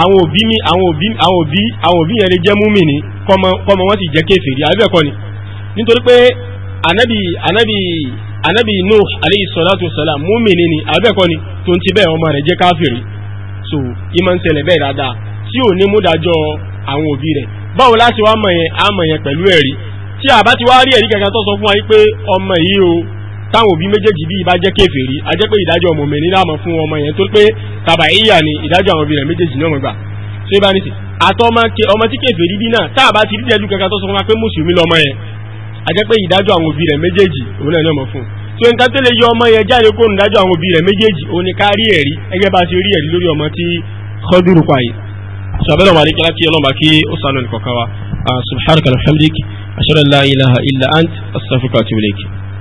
àwọn òbí mi àwọn òbí àwọn òbí àwọn òbí yẹn lè jẹ́ múmìnì kọ́mọ kọ́mọ wọn sì jẹ́ kéfèrí àbí bẹ́ẹ̀ ni nítorí pé anabi anabi anabi nuh aleyhi salatu salam múmìnì ni àbí bẹ́ẹ̀ kọ́ ni tó ń ti bẹ́ẹ̀ ọmọ rẹ̀ jẹ́ káfìrí so ìmọ̀ ń ṣẹlẹ̀ bẹ́ẹ̀ dáadáa tí ò ní múdájọ́ àwọn òbí rẹ̀ báwo láti wá mọ̀ yẹn á mọ̀ yẹn pẹ̀lú ẹ̀rí tí àbá ti wá rí ẹ̀rí kankan tó sọ fún wa yìí pé ọmọ yìí o táwọn òbí méjèèjì bí ìbá jẹ́ kèfèrí a jẹ́ pé ìdájọ́ mùmínì náà mọ̀ fún ọmọ yẹn tó pé tàbá ìyà ni ìdájọ́ àwọn òbí rẹ̀ méjèèjì náà mọ̀ gbà ṣé bá nìsí àtọ́ ọmọ tí kèfèrí bí náà tá a bá ti rí ẹjú kankan tó sọ fún wa pé mùsùlùmí lọmọ yẹn a jẹ́ pé ìdájọ́ àwọn òbí rẹ̀ méjèèjì òun náà mọ̀ fún so nǹkan tó lè yọ ọmọ yẹn jáde kó ń dájọ́ àwọn òbí méjèèjì òun